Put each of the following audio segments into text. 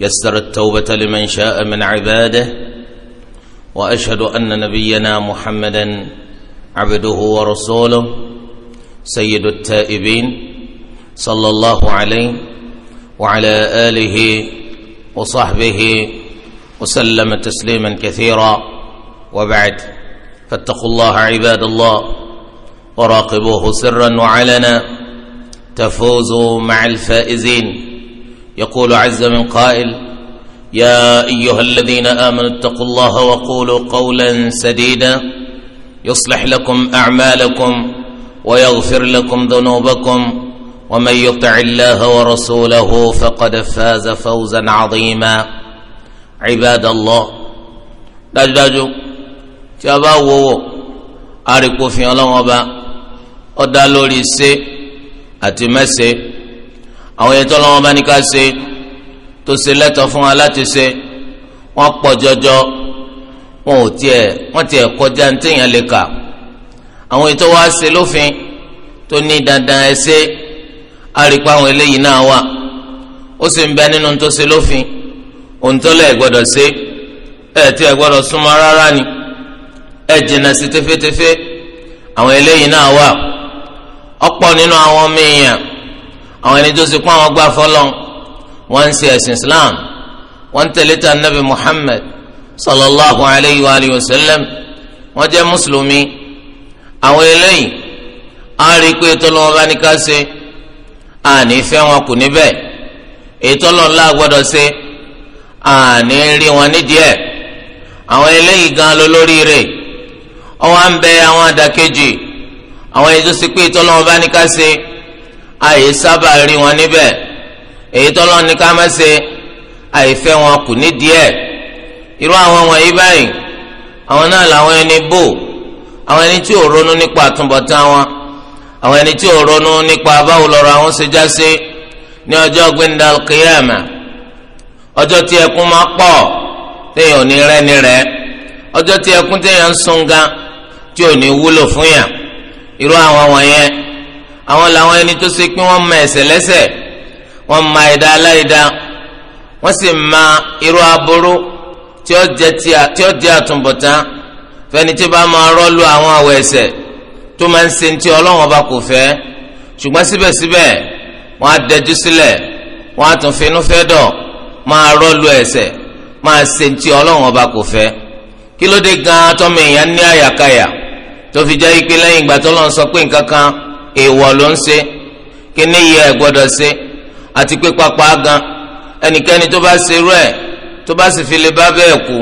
يسر التوبة لمن شاء من عباده وأشهد أن نبينا محمدا عبده ورسوله سيد التائبين صلى الله عليه وعلى آله وصحبه وسلم تسليما كثيرا وبعد فاتقوا الله عباد الله وراقبوه سرا وعلنا تفوزوا مع الفائزين يقول عز من قائل يا ايها الذين امنوا اتقوا الله وقولوا قولا سديدا يصلح لكم اعمالكم ويغفر لكم ذنوبكم ومن يطع الله ورسوله فقد فاز فوزا عظيما عباد الله dájúdájú tí a bá wowó àríkòfin ọlọ́wọ́n ọba ó dá lórí àwọn ètò ọlọ́wọ́n bá ní ká ṣe tó ṣe lẹ́tọ̀ fún wa láti ṣe wọ́n pọ̀ jọjọ wọn ò tiẹ̀ wọ́n tiẹ̀ kọjá téèyàn lè kà àwọn ètò wa ṣe lófin tó ní dandan ẹ ṣe àrípa àwọn eléyìí náà wà ó sì ń bẹ nínú tó ṣe lófin òǹtọ́lẹ̀ gbọ́dọ̀ ṣe ẹ̀ tí ẹ gbọ́dọ̀ súnmọ́ rárá ni ẹ jìnnà sí tẹfẹtẹfẹ àwọn eléyìí náà wà ọ̀pọ̀ nínú àwọn ọmọ àwọn ẹni tó ṣe kó àwọn gbà fọlọ́n wọ́n ń ṣe ẹ̀sìn islam wọ́n ń tẹ̀lé ta nabi muhammad sallallahu alayhi wa alihi wa sallam wọ́n jẹ́ mùsùlùmí àwọn eléyìí á rí i pé tọ́lọ́wọ́ bá ní ká ṣe àní fẹ́ wọn kù níbẹ̀ ètò ọlọ́ọ̀lá gbọ́dọ̀ ṣe àní rí wọn nídìí ẹ̀ àwọn eléyìí gan ló lóríire ọwọ́ à ń bẹ àwọn àdàkejì àwọn ètò sí pé tọ́lọ́wọ́ bá ní ká ṣe àyè sábà rí wọn níbẹ̀ èyí tọ́lọ́ ní ká má ṣe àìfẹ́ wọn kù ní díẹ̀ irú àwọn wọ̀nyí báyìí àwọn náà làwọn ẹni bò àwọn ẹni tí ò ronú nípa àtúbọ̀tán wọn àwọn ẹni tí ò ronú nípa báwo lọ́rọ̀ àwọn ṣe já sí ní ọjọ́ gbẹ̀ndà kìyàmà ọjọ́ tí ẹkún máa pọ̀ téèyàn ò ní rẹ́ni rẹ́ ọjọ́ tí ẹkún téèyàn ń sun gan tí ò ní wúlò fún yàn irú àwọn wọ̀nyẹn àwọn làwọn ẹni tó ṣe pé wọ́n ma ẹ̀ṣẹ̀ lẹ́ṣẹ̀ wọ́n ma ẹ̀dá aláìdá wọ́n sì ma irú aburú tí ó jẹ́ àtúbọ̀tán fẹ́ni tí bá máa rọ́ọ̀lù àwọn àwọ̀ ẹ̀ṣẹ̀ tó máa ń ṣe ti ọlọ́run ọba kò fẹ́ ṣùgbọ́n síbẹ̀síbẹ̀ wọ́n á dẹjú sílẹ̀ wọ́n á tún finú fẹ́ dọ̀ máa rọ́ọ̀lù ẹ̀ṣẹ̀ máa ṣe ti ọlọ́run ọba kò fẹ́ kí ló gan tọ́mọ èèyàn ní àyàkáyà tó fi jẹ́ ipe lẹ́yìn ìgbà tó lọ́n sọ pé nǹkan kan èèwọ̀ ló ń ṣe kíní yìí ẹ̀ gbọ́dọ̀ ṣe àti pé pápá gan ẹnikẹ́ni tó bá ṣe irú ẹ̀ tó bá sì fi lè bá bẹ́ẹ̀ kú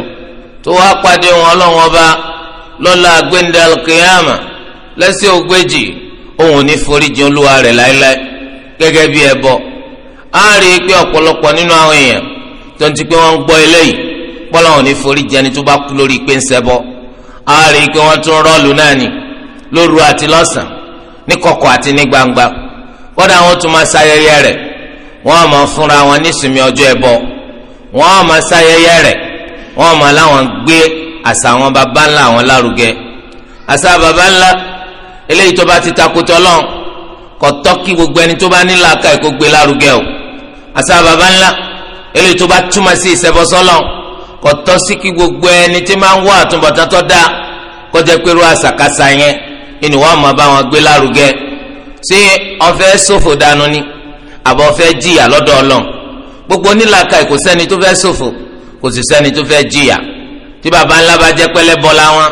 tó wá pàdé wọn ọlọ́wọ́n ọba lọ́la gbẹ̀ndẹ̀ alkiyama lẹ́sẹ̀ ògbéjì òun ò ní foríjì olúwa rẹ̀ láéláé gẹ́gẹ́ bí ẹbọ á rí i pé ọ̀pọ̀lọpọ̀ nínú àwọn èèyàn tó ń ti pé wọ́n ń gbọ́ eléyìí pọ́lọ́ ò ní foríjì ẹni tó bá kú lórí pé ń ṣẹbọ á rí i pé wọ́n tún rọ́ọ̀lù náà ni lóru àti lọ́sàn ní kọ̀kọ̀ àti ní gbangba kódà wọn tún máa ṣayẹyẹ rẹ̀ wọn máa fúnra wọn nísìmí ọjọ́ ẹbọ wọn máa ṣayẹyẹ rẹ̀ wọn máa láwọn gbé àṣà àwọn baba ńlá àwọn lárugẹ àṣà baba ńlá eléyìí tó bá ti takotọ lọ kò tọ́ kí gbogbo ẹni tó bá nílò aka ẹ kó gbé lárugẹ o àṣà baba ńlá eléyìí tó bá túmọ̀ sí ìṣẹbọsọlọ kò tọ́ sí kí gbogbo ẹni tí máa ń wá àtúbọ̀tán tó dáa kó jẹ́ pé irú àṣàkáṣà yẹn ni wọ́n máa bá wọn gbé lárugẹ ṣé ọ̀fẹ́ ṣòfò dànù ni àbọ̀ ọ̀fẹ́ jìyà lọ́dọ̀ Ọlọ́run gbogbo onílàkà kò sẹ́ni tó fẹ́ ṣòfò kò sì sẹ́ni tó fẹ́ jìyà tí baba ńlá bá jẹ́ pẹ́lẹ́ bọ́ láwọn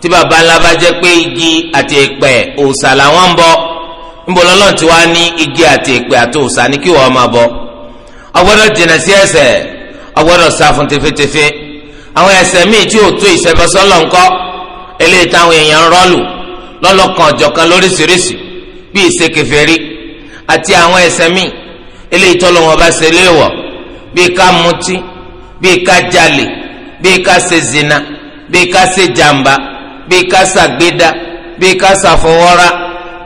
tí baba ńlá bá jẹ́ pé igi àti èpẹ̀ òòṣà làwọn ń bọ ńbọ lọ́lọ́run tí wàá ní igi àti èpẹ̀ àti òòṣà ní kí wọ́n máa bọ ọgbọ́dọ̀ jìnnà sí ẹ̀ṣẹ̀ ọgbọ́dọ̀ sá fún àwọn ẹ̀ṣẹ̀ míì tí ò tó ìṣẹfẹsọlọ ńkọ́ eléyìí táwọn èèyàn rọlù lọ́lọ́kan ọ̀jọ̀kan lóríṣiríṣi bíi ìṣekèfèrí àti àwọn ẹ̀ṣẹ̀ míì eléyìí tọ́lọ́ wọn bá ṣe léèwọ̀ bíi ká mutí bíi ká jalè bíi ká ṣe zina bíi ká ṣe jàmbá bíi ká ṣàgbéda bíi ká ṣàfọwọ́ra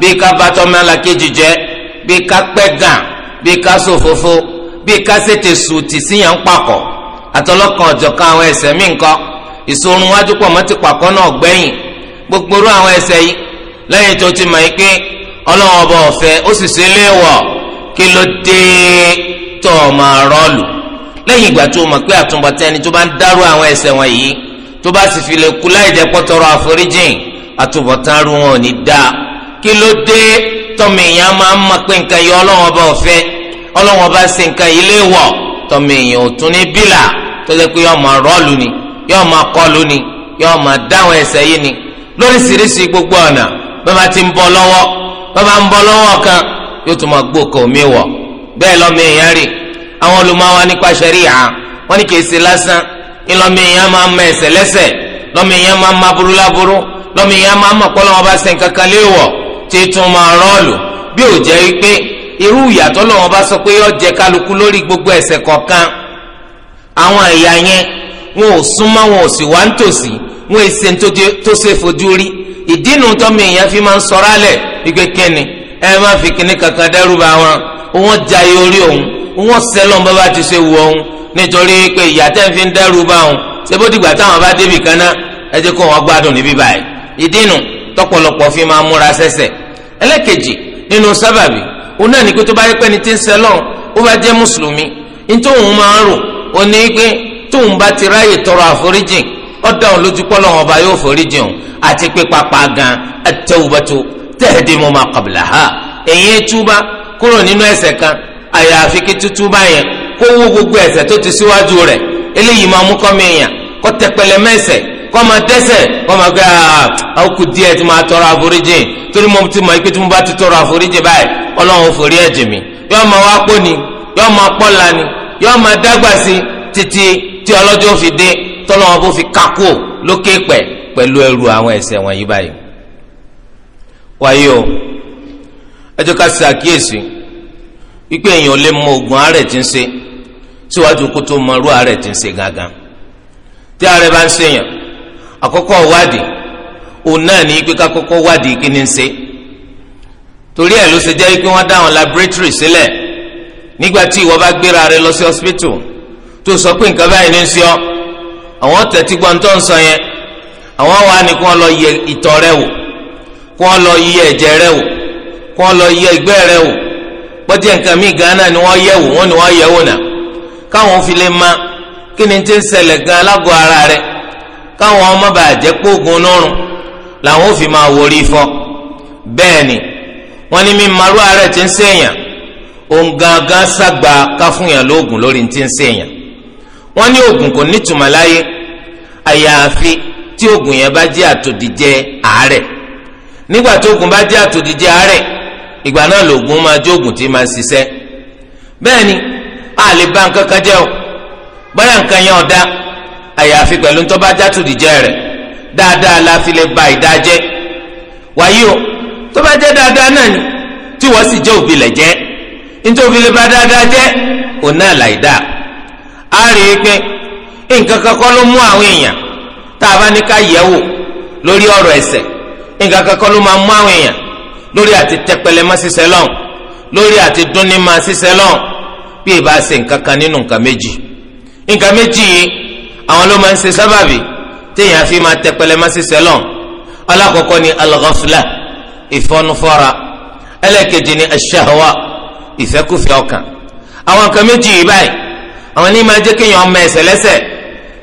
bíi ká bàtọ́mọ́lákejì jẹ́ bíi ká pẹ́gàn bíi ká ṣòfófó bíi ká ṣètè sùtì síyàn ń pàkọ́ àtọ́lọ́kan ọ̀jọ̀kan àwọn ẹ̀ṣẹ̀ míì nǹkan ìsorun wájú pọ̀ mọ́ ti pàkọ́ náà gbẹ̀yìn gbogbo irú àwọn ẹ̀ṣẹ̀ yìí lẹ́yìn tó ti mọ̀ yìí pé ọlọ́run ọba ọ̀fẹ́ ó sì ṣe léèwọ̀ kí ló dé tó o máa rọ́ọ̀lù lẹ́yìn ìgbà tó o mọ̀ pé àtúbọ̀tán ẹni tó bá ń dárú àwọn ẹ̀ṣẹ̀ wọ̀nyí tó bá sì fi lè kú láì jẹ́ pọ́ àforíjìn àtúbọ̀tán rú wọn ò ní dáa kí ló dé tọ́mọ èèyàn máa ń mọ̀ pé nǹkan yìí ọlọ́run ọba ọ̀fẹ́ ọlọ́run ọba ṣe nǹkan yìí léèwọ̀ tọ́mọ èèyàn ò tún ní bílà tó jẹ́ pé yọ́ọ́ máa rọ́ọ̀lù ni yọ́ọ́ máa kọlù ni yọ́ọ́ máa dáhùn ẹ̀ṣẹ̀ yìí ni lóríṣiríṣi gbogbo ọ̀nà bàbá ti ń bọ́ lọ́wọ́ bàbá ń bọ́ lọ́wọ́ kan yóò tún máa gbó kò mí wọ̀ bẹ́ẹ̀ lọ́mọ èèyàn rì àwọn olùmọ̀wá nípa ṣẹ̀ríà wọ́n ní kìí ṣe lásán èèyàn máa mọ lọ́mọ èèyàn ma burú láburú lọ́mọ èèyàn máa ń mọ̀ pé lọ́wọ́ bá ṣe nǹkan kan léèwọ̀ tí tún máa rọ́ọ̀lù bí ò jẹ́ pé irú ìyàtọ̀ lọ́wọ́ sọ pé yọ kálukú lórí gbogbo kọ̀ọ̀kan àwọn ẹ̀yà yẹn wọn ò súnmọ́ wọn ò sì wọn èsè tó ṣe fojú rí ìdínú tọ́mi èèyàn fi máa ń sọ̀rọ̀ alẹ̀ wípé kíni ẹ má fi kíní kankan dẹ́rù bá wọn wọn jayé orí òun wọn sẹ́lọ̀ bá bá ti ṣe wù òun nítorí pé ìyá tẹ́ fi ń dẹ́rù bá òun ṣé bó dìgbà táwọn bá débì kan náà ẹ jẹ́ kó wọn gbádùn níbí báyìí ìdínú tọ́pọ̀lọpọ̀ fi máa múra sẹ́sẹ̀ ẹlẹ́kejì nínú sábàbí òun náà ní pé tó bá yẹ pé ní ti ń sẹ́lọ̀ ó bá jẹ́ mùsùlùmí ní tóun máa ń rò òun ní pé tóun bá ti ráyè tọrọ àforíjìn ó dá òun lójú pọ́lọ́ wọn ọba yóò forí jìn àti pé pápá gan at-tawbatu tahdimu ma qablaha èyí túbá kúrò nínú ẹ̀ṣẹ̀ kan àyàfi kí tútúbá yẹn kó wó gbogbo ẹ̀ṣẹ̀ tó ti síwájú rẹ̀ eléyìí máa mú kọ́mi èèyàn kó tẹpẹlẹ mẹ́ṣẹ̀ kó máa dẹ́ṣẹ̀ kó máa gbé àwọn ah, kù díẹ̀ tí máa tọrọ àforíjìn torí mo ti mọ̀ ẹ́ tí mo bá ti tọrọ àforíjìn báyìí ọlọ́run forí ẹ̀jẹ̀ mi yọ́ọ́ máa wá pọ́ni yọ́ọ́ máa pọ́la ni yọ́ọ́ máa dágbà sí títí tí ọlọ́jọ́ fi dé tọ́lọ́wọ́n bó fi kákó lókè pẹ̀ pẹ̀lú ẹrù àwọn ẹ̀ṣẹ̀ wọ̀nyí báyìí. wáyé o ẹ jẹ́ ká ṣe àkíyèsí wípé èèyàn lè mọ oògùn àárẹ̀ tí ń ṣe síwájú kó tó mọ irú àárẹ̀ tí ń ṣe gangan tí àárẹ̀ bá ń ṣèyàn àkọ́kọ́ wádìí òun náà ní pé ká wádìí kí ni ń ṣe torí ẹ̀ ló ṣe jẹ́ pé wọ́n dá àwọn laboratory sílẹ̀ nígbà tí ìwọ bá gbéra rẹ lọ sí hospital tó sọ pé nǹkan báyìí ní ń ṣe ọ́ àwọn tẹ̀tí gbọ́ntọ́ ń àwọn wa ni kí wọ́n lọ yẹ ìtọ̀ rẹ wò kí wọ́n lọ yẹ ẹ̀jẹ̀ rẹ wò kí wọ́n lọ yẹ ni wọ́n yẹ wò wọ́n ni wọ́n yẹ wò náà káwọn ma kí ti ń gan alágọ̀ ara rẹ káwọn ọmọ bàa jẹ́ kóògùn nọ́rùn làwọn ò fi máa wòrí fọ bẹ́ẹ̀ ni wọ́n ní mi ti ń sàgbà lóògùn ti ń wọ́n ní oògùn kò ní tùmọ̀ láyé àyàfi tí oògùn yẹn bá jẹ́ àtòdìjẹ àárẹ̀ nígbà tí oògùn bá jẹ́ àtòdìjẹ àárẹ̀ ìgbà náà lòògùn máa jẹ́ oògùn tí máa ṣiṣẹ́ bẹ́ẹ̀ ni a lè bà nǹkan kan jẹ́ o bóyá nǹkan yẹn ọ̀dá àyàfi pẹ̀lú tó bá jẹ́ àtòdìjẹ rẹ̀ dáadáa la fi lè ba ìdá jẹ́ wàyí o tó bá jẹ́ dáadáa náà ni tí wọ́n sì jẹ́ òbí lẹ̀ jẹ́ nítorí òbí lè ba dáadáa jẹ́ òun náà láì dáa á rí i pé nǹkan kan kọ́ ló mú àwọn èèyàn tá a bá ní ká yẹ̀ wò lórí ọ̀rọ̀ ẹ̀ṣẹ̀ nǹkan kan kọ́ ló máa mú àwọn èèyàn lórí àti tẹpẹlẹ má ṣiṣẹ́ lọ́hùn lórí àti dúnni má ṣiṣẹ́ lọ́hùn bí ìbá ṣe nǹkan kan nínú nǹkan méjì nǹkan méjì yìí àwọn ló máa ń ṣe sábàbí téèyàn fi máa tẹpẹlẹ má ṣiṣẹ́ lọ́hùn alákọ̀ọ́kọ́ ni al-ghafla ìfọnufọ́ra ẹlẹ́kejì ni ash-shahwa ìfẹ́kùfẹ́ ọkàn àwọn nǹkan méjì yìí báyìí àwọn ní máa jẹ́ kéèyàn ọmọ ẹsẹ̀ lẹ́sẹ̀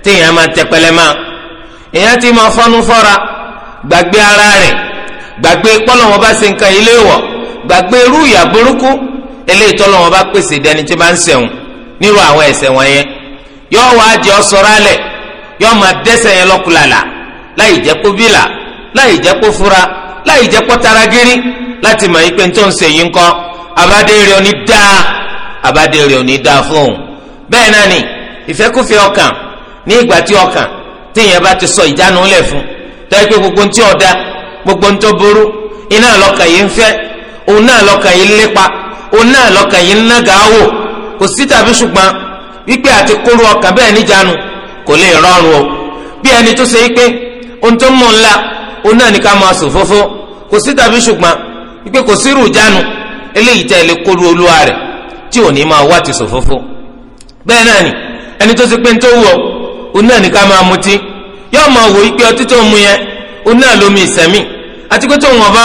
téèyàn máa tẹpẹlẹ máa èèyàn ti máa fọ́nú fọ́ra gbàgbé ara rẹ̀ gbàgbé pọ́lọ́wọ́n bá ṣe nǹkan ilé wọ̀ gbàgbé irú ìyà burúkú eléyìí tọ́lọ́wọ́n bá pèsè dẹni tí bá ń ṣẹ̀wọ̀n nírú àwọn ẹ̀ṣẹ̀ wọ̀nyẹn yóò wá jẹ́ ọ sọ̀rọ̀ alẹ̀ yóò máa dẹ́ṣẹ̀ yẹn lọ́kùlàlà láì jẹ́ kó bílà láì jẹ́ kó fura láì jẹ́ kó taragírí láti mọ̀ yí pé ń tó ń ṣèyí ńkọ́ àbádé rẹ̀ ò ní dáa àbádé rẹ̀ ò ní dáa fóun bẹ́ẹ̀ náà ni ìfẹ́kùfẹ́ ọkàn ní ìgbà tí ọkàn téèyàn bá ti sọ ìjánu lẹ̀ fún tẹ́lẹ̀ pé gbogbo ntí ọ̀dà gbogbo ntó burú iná lọ́kàn yìí ń fẹ́ òun náà lọ́kàn yìí ń lépa òun náà lọ́kàn yìí ń nága wò kò sí tàbí ṣùgbọ́n wípé àti kóró ọkàn bẹ́ẹ̀ o bí ẹni tó ṣe wípé ohun tó ń mú ńlá òun náà ní ká máa sùn kò sí tàbí ṣùgbọ́n wípé kò sí eléyìí ti sùn bẹ́ẹ̀ náà ni ẹni tó ti pé ń tó wù ọ́ òun náà ní ká máa mutí yóò máa wò ipe ọtí tó ń mu yẹn òun náà lómi ìsẹ̀mí àti pé tó ń bá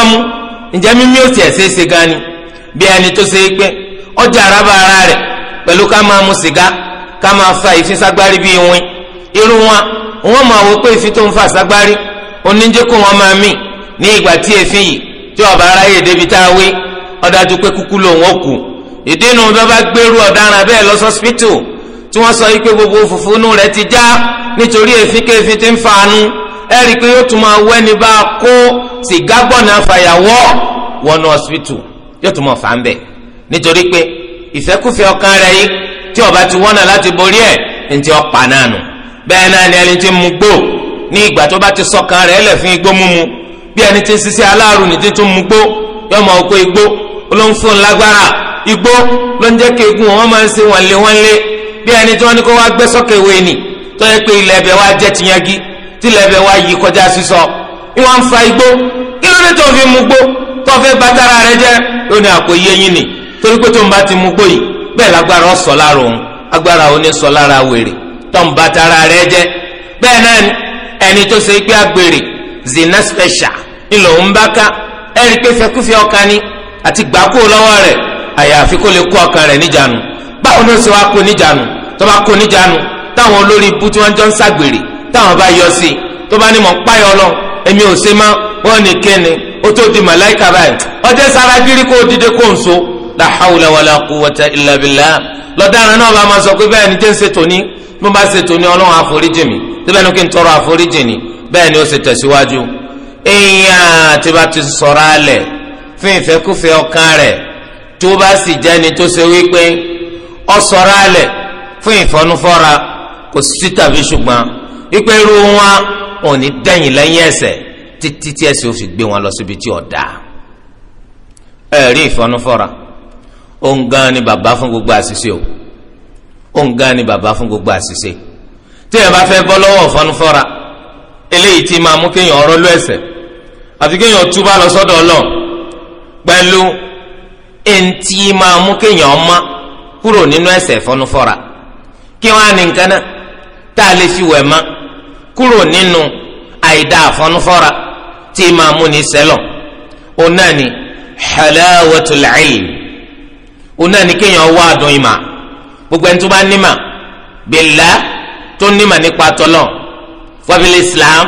ǹjẹ́ mímí ṣe é ṣe gan ni bí ẹni tó ṣe é pé ọjà araba ara rẹ̀ pẹ̀lú ká máa mu sìgá ká máa fa ìfín ságbárí bíi wín irú wọn wọn máa wò pé ìfín tó ń fa ságbárí oníjẹ́ kó wọn máa mì ní ìgbà tí èéfín yìí tí ọba aráyè débi tá a wé ọ̀dájú pé kúkú tí wọ́n sọ yìí pé gbogbo fùfúnú rẹ̀ ti já nítorí èéfínkèéfín ti ń fanu ẹ rí i pé yóò tún máa wẹ́ni bá a kó sìgá gbọ̀nà fàyàwọ́ wọnú ọ̀sìpìtù yóò tún máa fà ń bẹ̀ nítorí pé ìfẹ́kùfẹ́ ọkàn rẹ̀ yìí tí ọba ti wọ́nà láti borí ẹ̀ ní ti ọ̀pá náà nù bẹ́ẹ̀ náà ni ẹni tí ń mu gbó ní ìgbà tó bá ti sọkàn rẹ̀ lẹ̀ fún igbó mímu bí ẹni tí ṣiṣẹ́ aláàrù ní títún mu gbó yóò máa kó igbó ló ń fún lágbára igbó ló ń jẹ́ kí egun wọn máa ń ṣe wọ́nlé wọ́nlé bí ẹni tí wọ́n ní kó wá gbé sọ́kè wé ni tó yẹ pé ilẹ̀ ẹ̀bẹ̀ wá jẹ́ tí ilẹ̀ ẹ̀bẹ̀ wá kọjá sísọ ni fa igbó kí ló dé tó fi mu gbó tó fi rẹ àpò yín ni torí pé tó ń bá ti mu gbó yìí bẹ́ẹ̀ lágbára ọ̀ sọ lára òun agbára òun ní sọ lára wèrè tó ń bàtàrà rẹ bẹ́ẹ̀ agbèrè zina special ńlọ ń báwo ló ṣe wá kó níjànú tó bá kó níjànú táwọn olórí ibú tí wọ́n jọ ń ṣàgbèrè táwọn bá yọ sí i tó bá ní mọ̀ páyọ̀ lọ èmi ò ṣe má wọ́n ní kéne ó tó di màláìka báyìí ọjọ́ sára gírí kó dìde kó n so la hawla wala quwwata illa billah lọ́daràn náà bá máa sọ pé bẹ́ẹ̀ ni jẹ́ ń ṣe tòní bí wọ́n bá ṣe tòní ọlọ́run àforíjì mi síbẹ̀ ni kí n tọrọ àforíjì ni bẹ́ẹ̀ ni ó ṣe tẹ̀síwájú èèyàn tí ọsọra alẹ fún ìfọnufọra kò sí tàbí ṣùgbọ́n ipe irú wọn ò ní dẹ̀yìn lẹ́yìn ẹ̀ṣẹ̀ títí tí ẹ̀ṣẹ̀ ò fi gbé wọn lọ síbi tí ò dáa ẹ̀rí ìfọnufọra òun gan ni bàbá fún gbogbo àṣìṣe o òun gan ni bàbá fún gbogbo àṣìṣe tí ẹ bá fẹ́ bọ́ lọ́wọ́ ìfọnufọra eléyìí tí máa mú kéèyàn ọ̀rọ̀ lọ ẹ̀ṣẹ̀ àfi kéèyàn túbà lọ sọ́dọ̀ Ọlọ́run pẹ̀lú èntì máa mú kéèyàn ọmọ kúrò nínú ẹ̀ṣẹ̀ fọnúfọ́ra kí wọ́n á ní nǹkan náà tá a lè fi wẹ̀ mọ́ kúrò nínú àìdá àfọnúfọ́ra tí ì máa mú ní sẹ́lọ̀ òun náà ni halawatul ilm òun náà ni kéèyàn wá àdùn ìmà gbogbo ẹni tó bá nímà billah tó nímà nípa tọ́lọ̀ wabil islam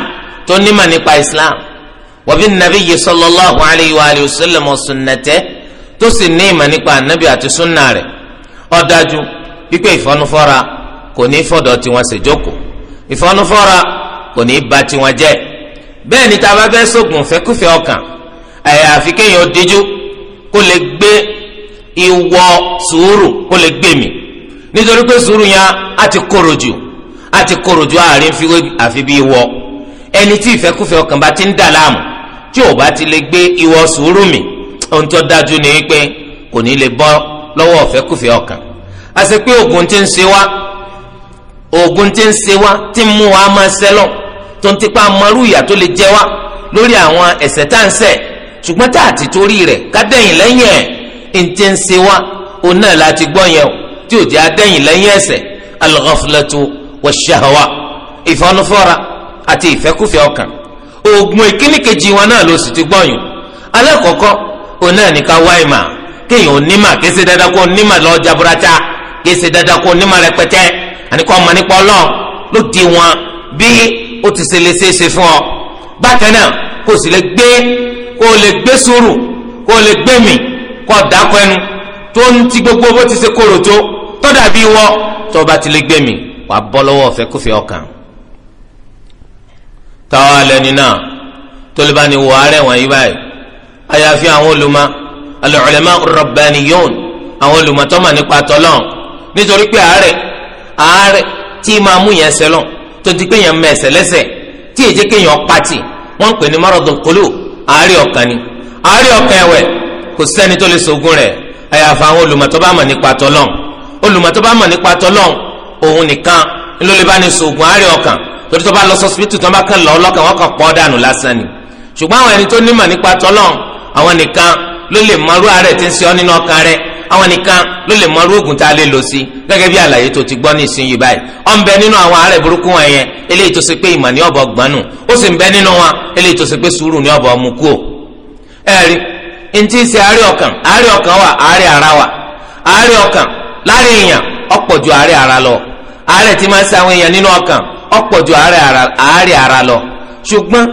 tó nímà nípa islam wabin nabiyyi sallallahu alayhi wa sallam wa sunnatẹ tó sì ní ìmà nípa anabi àti sunna rẹ̀ ó dájú pípé ìfọnufọ́ra kò ní fọ̀dọ̀ tiwọn ṣèjókòó ìfọnufọ́ra kò ní bà tiwọn jẹ́ bẹ́ẹ̀ ni tá a bá fẹ́ sógun fẹ́kúfẹ́ ọkàn àyàfi kéèyàn díjú kó lè gbé ìwọ sùúrù kó lè gbé mi nítorí pé sùúrù yẹn á ti kóró jù á ti kóró jù àárín fíwé àfi bí ìwọ ẹni tí ìfẹ́kúfẹ́ ọkàn bá ti ń dà láàmú tí ò bá ti lè gbé ìwọ sùúrù mi ohun tó dájú ni pé kò ní lè bọ́ lọ́wọ́ ọ̀fẹ́ kùfẹ́ ọkàn àti pé ogun ti ń ṣe wá ogun ti ń ṣe wá ti ń mú wa máa sẹ́lọ̀ tó ń tipa mọ́rú ìyà tó lè jẹ wá lórí àwọn ẹ̀ṣẹ̀ tá à ń ṣẹ̀ ṣùgbọ́n tá à ti torí rẹ̀ ká dẹ̀yìn lẹ́yìn ẹ̀ ń ti ń ṣe wá òun náà la ti gbọ́ yẹn o tí ò jẹ́ adẹ́yìn lẹ́yìn ẹ̀ṣẹ̀ al-ghaflatu ìfọnufọ́ra àti ìfẹ́kùfẹ́ ọkàn oògùn ìkíníkejì wọn náà ló sì ti gbọ́yìn alákọ̀ọ́kọ́ òun náà ní ká wá ìmọ̀ kéèyàn onímà kése dada kó onímà lọ jaburata kése dada kó onímà rẹpẹtẹ àníkọ́ ọmọ nípa ọlọ́ọ̀ ló di wọn bí ó ti ṣe lè ṣeéṣe fún ọ bákan náà kó o sì lè gbé kó o lè gbé sùúrù kó o lè gbé mì kó o dákọ ẹnu tó ń ti gbogbo bó ti ṣe kóró tó tó dàbí wọ tó o bá ti lè gbé mì wàá bọ́ lọ́wọ́ ọ̀fẹ́ kófẹ́ ọkàn táwa lẹni náà tó lè bá ní wọ àárẹ̀ wọ̀nyí báyìí àyàfi àwọn olùmọ̀ al-ulama'u ar-rabbaniyun àwọn olùmọ̀tọ́mọ̀ nípa tọ́lọ́n nítorí pé àárẹ̀ àárẹ̀ tí máa mú yẹn sẹ́lọ̀ tó ti pé yẹn mẹ́sẹ̀ lẹ́sẹ̀ tí èjé kéèyàn pati wọ́n ń pè ní maradul qulub àárẹ̀ ọkàn ni àárẹ̀ ọkàn ẹ̀wẹ̀ kò sẹ́ni tó lè ṣògùn rẹ̀ àyàfà àwọn olùmọ̀tọ́bàmọ̀ nípa tọ́lọ́n olùmọ̀tọ́bàmọ̀ nípa tọ́lọ́n òun nìkan ló ló lè mọrú àárẹ̀ tí ń ṣe ọ́ nínú ọkàn rẹ̀ àwọn nìkan ló lè oògùn tá a lè lò sí gẹ́gẹ́ bí àlàyé tó ti gbọ́ ní ìsinyìí báyìí ó ń bẹ nínú àwọn àárẹ̀ burúkú wọn yẹn eléyìí tó ṣe pé ìmọ̀ ní ọ̀bọ̀ gbanú ó sì ń bẹ nínú wọn eléyìí tó ṣe pé sùúrù ní ọ̀bọ̀ mú kú ò. ẹ̀rí ntí ń ṣe àárẹ̀ ọkàn àárẹ̀ ara wà àárẹ̀ ọkàn èèyàn ọ̀pọ̀ ju àárẹ̀ ara lọ àárẹ̀ tí máa ń ṣe àwọn èèyàn nínú ara lọ ṣùgbọ́n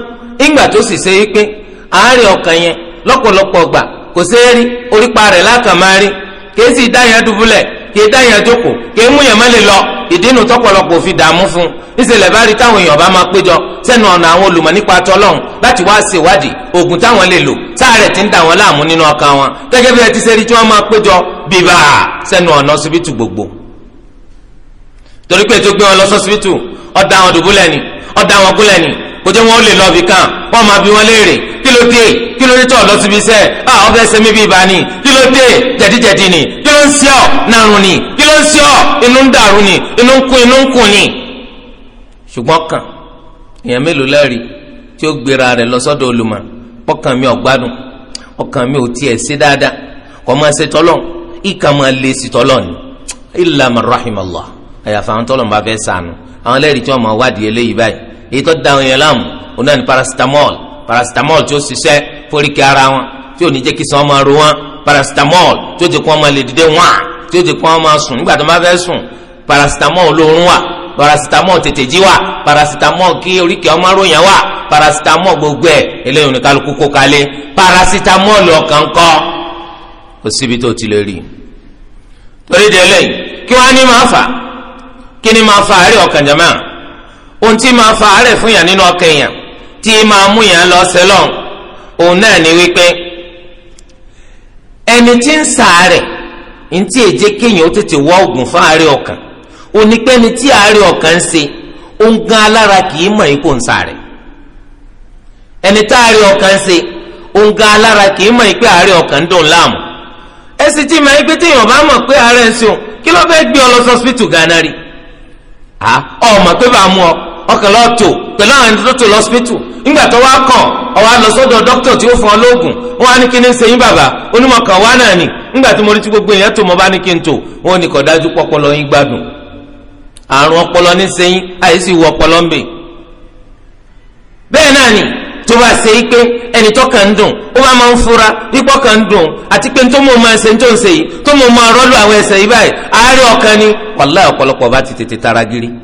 ìgbà tó sì ṣe wípé àárẹ̀ ọkàn yẹn lọ́pọ̀lọpọ̀ gbà kò séé rí orípa rẹ̀ lákàmárí kìí sì dáyà dùbúlẹ̀ kìí dáyà jókòó kìí mú yẹn má lè lọ ìdínú tọ̀pọ̀lọpọ̀ fi dààmú fún ìṣẹ̀lẹ̀ bá rí táwọn èèyàn bá máa péjọ sẹ́nu ọ̀nà àwọn olùmọ̀ nípa tọlọ́run láti wá ṣèwádìí oògùn táwọn lè lò sáàrẹ ti ń dà wọn láàmú nínú ọkàn wọn gẹ́gẹ́ bí ẹ ti ṣe rí tí wọn máa péjọ bíbá sẹ́nu ọ̀nà ọsibítù gbogbo torí pé tó gbé wọn lọ sọsibítù ọdà àwọn dùbúlẹ̀ ni ọdà àwọn gúnlẹ̀ ni kò kí ló dé kí ló dé tó lọ síbi iṣẹ́ àwọn ah, fẹẹ ṣe mí bí ibà ni kí ló dé jẹ̀díjẹ̀dí ni kí ló ń ṣe ọ nàrùn ni kí ló ń ṣe ọ inú ń dàrú ni inú ń kún inú ń kún ni. ṣùgbọ́n kàn èèyàn mélòó lẹ́rìí tí ó gbéra rẹ̀ lọ sọ́dọ̀ olùmọ̀ ọkàn mi ò gbádùn ọkàn mi ò tiẹ̀ ṣe dáadáa kò máa ṣe tọ́lọ̀ ìkà máa lé sí tọ́lọ̀ ni illa man àyàfà àwọn tọ́lọ̀ máa fẹ́ sànù àwọn lẹ́rìí tí wọ́n máa wádìí eléyìí báyìí èyí tó da òyìn láàmú onáà ní paracetamol paracetamol tí ó ṣiṣẹ́ foríkì ara wọn tí ò ní jẹ́ kí sàn máa ro wọn paracetamol tí ó ti kún ọmọ lè dìde wọn tí ó ti kún ọmọ sùn nígbà tó máa fẹ́ sùn paracetamol lóorun wà paracetamol tètè jí wà paracetamol kí oríkì ọmọ ròyìn wà paracetamol gbogbo ẹ̀ eléyìí ní kálukú kó kalẹ̀ paracetamol ọ̀kan kọ́ kò síbi tó ti lè rí torí délé kí wọ́n á ní máa fà kí ni máa fa àárẹ̀ ọkàn jama ohun tí máa fa àárẹ̀ fún yàn nínú ọkàn yàn tí ma mú yàn lọ sẹlọ̀n òun náà ni wípé ẹni tí ń ṣàárẹ̀ ní tí èjé kéèyàn ó tètè wá oògùn fún àárẹ̀ ọkàn òní pé ẹni tí àárẹ̀ ọkàn ń ṣe ó ń gan alára kì í mọ̀ ikú ń ṣàárẹ̀ ẹni tá àárẹ̀ ọkàn ń ṣe ó ń gan alára kì í mọ̀ ikú àárẹ̀ ọkàn ń dùn láàmú bá mọ̀ pé àárẹ̀ ń kí ló fẹ́ gbé ọ lọ sọ́sìpìtì gánà rí pé bá mú ọ ọkàn lọ tò pẹ̀lú àwọn ẹni tó tò lọ́sípítù nígbà tó wá kàn ọ wá lọ sọ́dọ̀ dókítà tí ó fún ọ lóògùn ó wá ní kí ni ń ṣe bàbá onímọ̀ kan wá náà ni tí mo rí tí gbogbo èèyàn tó bá ní kí n tò wọn ni tó bá ṣe é pé ẹni tó kàn ń dùn ó bá máa ń fura ipò kàn ń dùn àti pé tó máa ṣe tó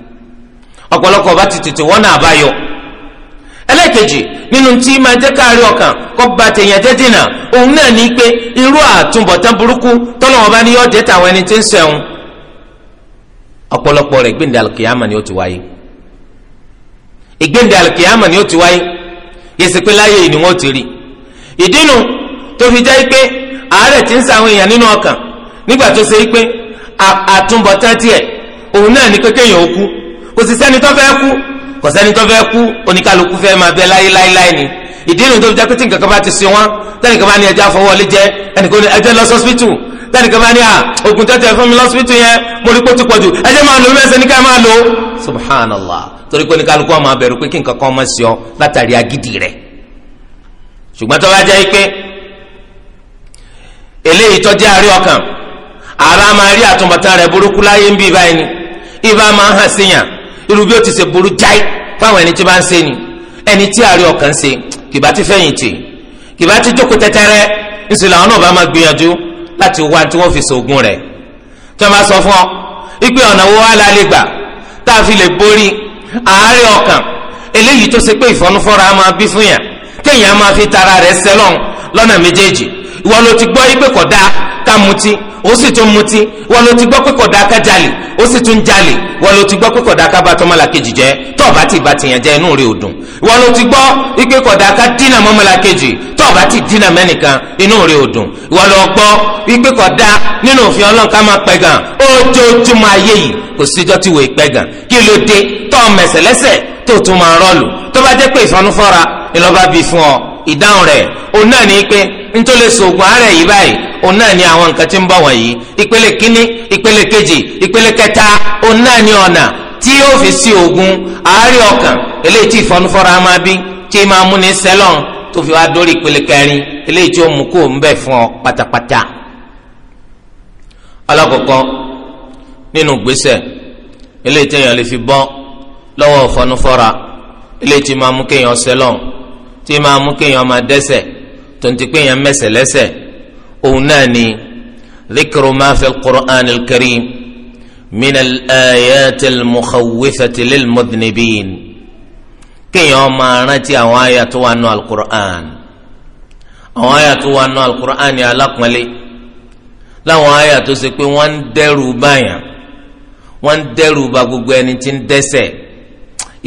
ọ̀pọ̀lọpọ̀ bá ti tètè wọ́n náà bá yọ ẹlẹ́ẹ̀kejì nínú tí máa jẹ́ káàrí ọkàn kọ́ ba tèèyàn jẹ́ dínà òun náà ní pé irú àtúbọ̀tán burúkú tọ́lọ́wọ́n bá ní yọ jẹ́ tàwọn ẹni tí ń sẹ́wọ̀n ọ̀pọ̀lọpọ̀ rẹ̀ ìgbéǹde alkiyama ni ó ti wáyé ìgbéǹde alkiyama ni ó ti wáyé yẹsẹ pé láyé yìí ni wọ́n ti rí ìdínú tó fi jẹ́ pé àárẹ̀ ti ń sàwọn èèyàn nínú ọkàn nígbà tó ṣe pé àtúbọ̀tán tiẹ̀ òun náà ní kékeré kò sì sẹ́ni tó fẹ́ kú kò sẹ́ni tó fẹ́ kú oníkàlùkù fẹ́ máa bẹ láyé láyé láyé ni ìdí inú tó fi jẹ́ pé tí nǹkan kan bá ti sin wọn tẹ́nì kan bá ní ẹja àfọwọ́lé jẹ ẹnì kan ní ẹjẹ lọ sọ́sìpítù tẹ́nì kan bá ní à ògùn tẹ́tẹ́ fún mi lọ́sìpítù yẹn mo rí pé ó ti pọ̀jù ẹjẹ máa lò mẹ́sẹ̀ ní ká máa lò subhanallah torí pé oníkàlùkù ọmọ abẹ̀rù pé kí nǹkan kan máa sí ọ látàrí agídí rẹ̀ ṣùgbọ́n tó bá jẹ́ pé eléyìí tó jẹ́ àrí ọkàn àrà máa rí àtúbọ̀tán rẹ̀ burúkú láyé ń bí báyìí ni ibà máa hàn síyàn irú bí ó ti ṣe burú jáì fáwọn ẹni tí bá ń ṣe ni ẹni tí àárẹ̀ ọkàn ṣe kìbá ti fẹ̀yìntì kìbá ti jókòó tẹ́tẹ́rẹ́ ńṣe làwọn náà bá máa gbìyànjú láti wá tí wọ́n fi ṣògùn rẹ̀ tí wọ́n bá sọ fún ọ ipe ọ̀nà wo wá la gbà tá a fi lè borí àárẹ̀ ọkàn eléyìí tó ṣe pé ìfọnúfọ́ra máa bí fún yàn téèyàn máa fi tara rẹ̀ sẹ́lọ̀n lọ́nà méjèèjì ìwọ ló ti gbọ́ ipe kọ̀ dáa ká mutí ó sì tún mutí wọn ló ti gbọ́ pé kò dáa ká jalè ó sì tún jalè wọn ló ti gbọ́ pé kò dáa ká bá tọmọlàkejì tọ́ọ̀bá ti bá tìyàn jẹ inú rẹ̀ ò dùn wọn ló ti gbọ́ ike kò dáa ká dínà mọ́mọlàkejì tọ́ọ̀bá ti dínà mẹ́nìkan inú rẹ̀ ò dùn wọn ló gbọ́ ike kò dáa nínú òfin Ọlọ́run ká máa pẹ̀gàn ojoojúmọ́ ayé yìí kò síjọ́ tí wòye pẹ̀gàn kí ló dé tọ́ọ̀ mẹ̀sẹ̀lẹ́sẹ̀ tó ìdáhùn rẹ̀ òun náà ní pé nítorí sògùn àárẹ̀ yìí báyìí òun náà ní àwọn nǹkan ipele ń bọ̀ wọ̀nyí ìpele kínní ìpele kejì ìpele kẹta òun náà ní ọ̀nà tí yóò fi sí ogun àárẹ̀ ọkàn eléyìí tí ìfọnufọ́ra máa bí tí máa mú ní fi wá dórí ìpele kẹrin eléyìí tí ó mú nínú gbèsè eléyìí èèyàn lè lọ́wọ́ tí máa mú kéèyàn máa dẹ́ṣẹ̀ tó ń ti kéèyàn mẹ́ṣẹ̀ lẹ́ṣẹ̀ òun náà ni dhikru ma fi al-Qur'an al-Karim min al-ayat al-mukhawwifati lil-mudhnibin kéèyàn máa rántí àwọn àyà tó wà nù al-Qur'an àwọn àyà tó wà nù al-Qur'an ni alákùnrin láwọn àyà tó pé wọ́n ń dẹ́rù báyà wọ́n ń dẹ́rù ba gbogbo ẹni tí ń dẹ́ṣẹ̀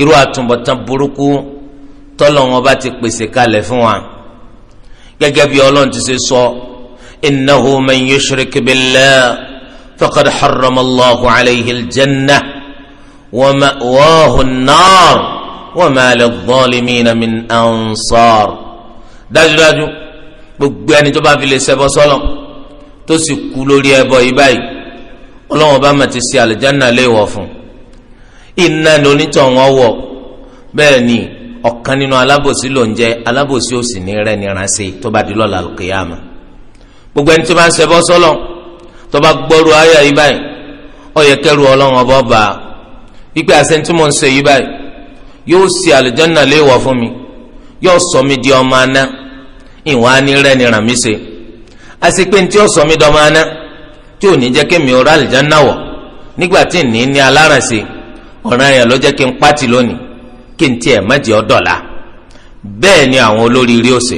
irú àtúbọ̀tán burúkú tọ́lọ́wọ́n bá ti pèsè kalẹ̀ fún wa gẹ́gẹ́ bí ọlọ́run ti ṣe sọ innahu man yushrik billah faqad harrama allahu alayhi aljanna wa ma'wahu an-nar wa ma lidh-dhalimina min ansar dájúdájú gbogbo ẹni tó bá fi lè ṣẹbọ sọlọ tó sì kú lórí ẹbọ yìí báyìí ọlọ́wọ́n bá mà ti ṣe àlùjáná léèwọ̀ fún iná onítọ̀ wọn wọ̀ bẹ́ẹ̀ ni ọ̀kan nínú alábòsí ló ń jẹ́ alábòsí ò sì ní rẹ̀ ní tó bá di lọ́la gbogbo ẹni tó bá ń sọ́lọ̀ tó bá gbọ́rú yìí báyìí ọlọ́run wípé ń ṣe yìí báyìí yóò ṣe léèwọ̀ fún mi yóò sọ mi di rẹ̀ ní tí yóò sọ mi dọ́mọ aná tí ò ní jẹ́ kémi ọ̀rọ̀ wọ̀ nígbà kí n tiẹ̀ má jẹ́ ọ̀dọ́la bẹ́ẹ̀ ni àwọn olórí rí òsè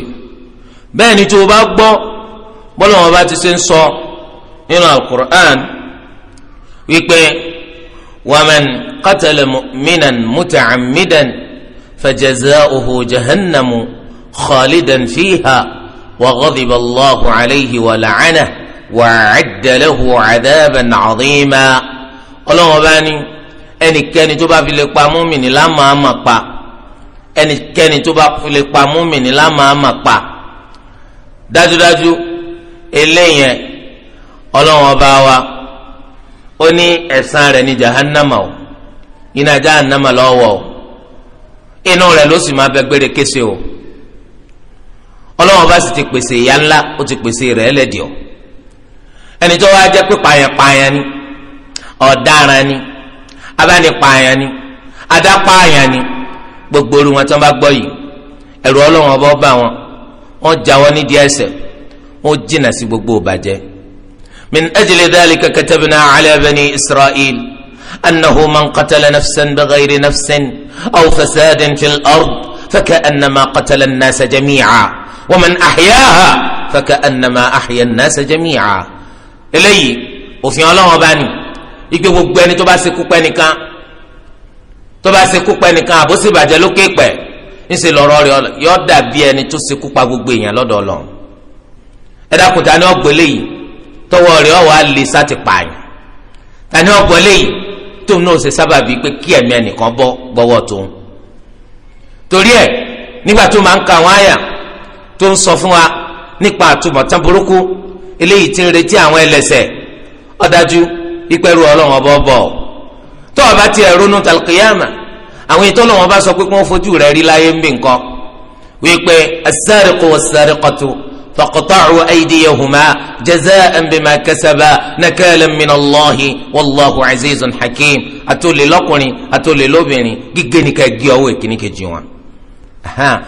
bẹ́ẹ̀ ni tí o bá gbọ́ bọ́lá wọn bá ti ṣe ń sọ nínú alukur'an wípé wàmẹ̀n kátàlẹ̀ mìíràn mùtàmídàn fajaza'uhu jahannamu khalidan fiha wàgọ́dìbà allahu alayhi wa la'ana wàcàdàlẹ́hu cadaban cadiima ọlọ́wọ́n bá ní ẹnikẹ́ni tó bá fi lè pa múmìnì lámàámà pa ẹnikẹ́ni tó bá fi lè pa múmìnì lámàámà pa dájúdájú eléyẹn ọlọ́run ọba wa ó ní ẹ̀san rẹ̀ ní jahannama o iná jahannama lọ́wọ́ o inú rẹ̀ ló sì máa bẹ gbére kése o ọlọ́run ọba sì ti pèsè ìyà ńlá ó ti pèsè rẹ̀ ẹlẹ́dìọ̀ ẹni tó wá jẹ́ pé pààyàn pààyàn ni ọ̀daràn ni abánipààyàn ni adápààyàn ni gbogbo orí wọn tí wọn bá gbọ́ yìí ẹ̀rù Ọlọ́run ọba ọba wọn wọn jáwọ́ díẹ ẹ̀ṣẹ̀ wọn jìnnà sí gbogbo ìbàjẹ́. من أجل ذلك كتبنا على بني إسرائيل أنه من قتل نفسا بغير نفس أو فساد في الأرض فكأنما قتل الناس جميعا ومن أحياها فكأنما أحيا الناس جميعا إلي وفي الله باني igbe gbogbo ẹni tó bá ṣekú pa ẹnìkan tó bá ṣekú pa ẹnìkan àbòsí bàjẹ́ ló ké pẹ̀ ńṣe lọ́rọ́ rẹ̀ yọ dàbí ẹni tó ṣekú pa gbogbo èèyàn lọ́dọ̀ Ọlọ́run ẹ dákun ta ni ọgbẹ́lẹ́ yìí tọwọ́ rẹ̀ ọ̀wá lè sá ti pààyàn ta ni ọgbẹ́lẹ́ yìí tóun náà ṣe sábàbí pé kí ẹ̀mí ẹnìkan bọ́ gbọ́wọ́ tóun torí ẹ̀ nígbà tó máa ń ka àwọn àyà tó ń sọ fún wa nípa àtúbọ̀tán burúkú eléyìí ti ń retí àwọn ẹlẹ́ṣẹ̀ ó ìpẹ́rù ọlọ́run ọba bọ̀ tó o bá tiẹ̀ ronú talqiyama àwọn ètò ọlọ́run ọba sọ pé kí wọ́n fojú rẹ̀ rí láyé ń bì nǹkan wípé as-sariqu was-sariqatu faqta'u aydiyahuma jaza'an bima kasaba nakalan min Allahi azizun hakim àtòlè lọ́kùnrin àtòlè lóbìnrin gígé ni ká gé ìkíní kejì wọn.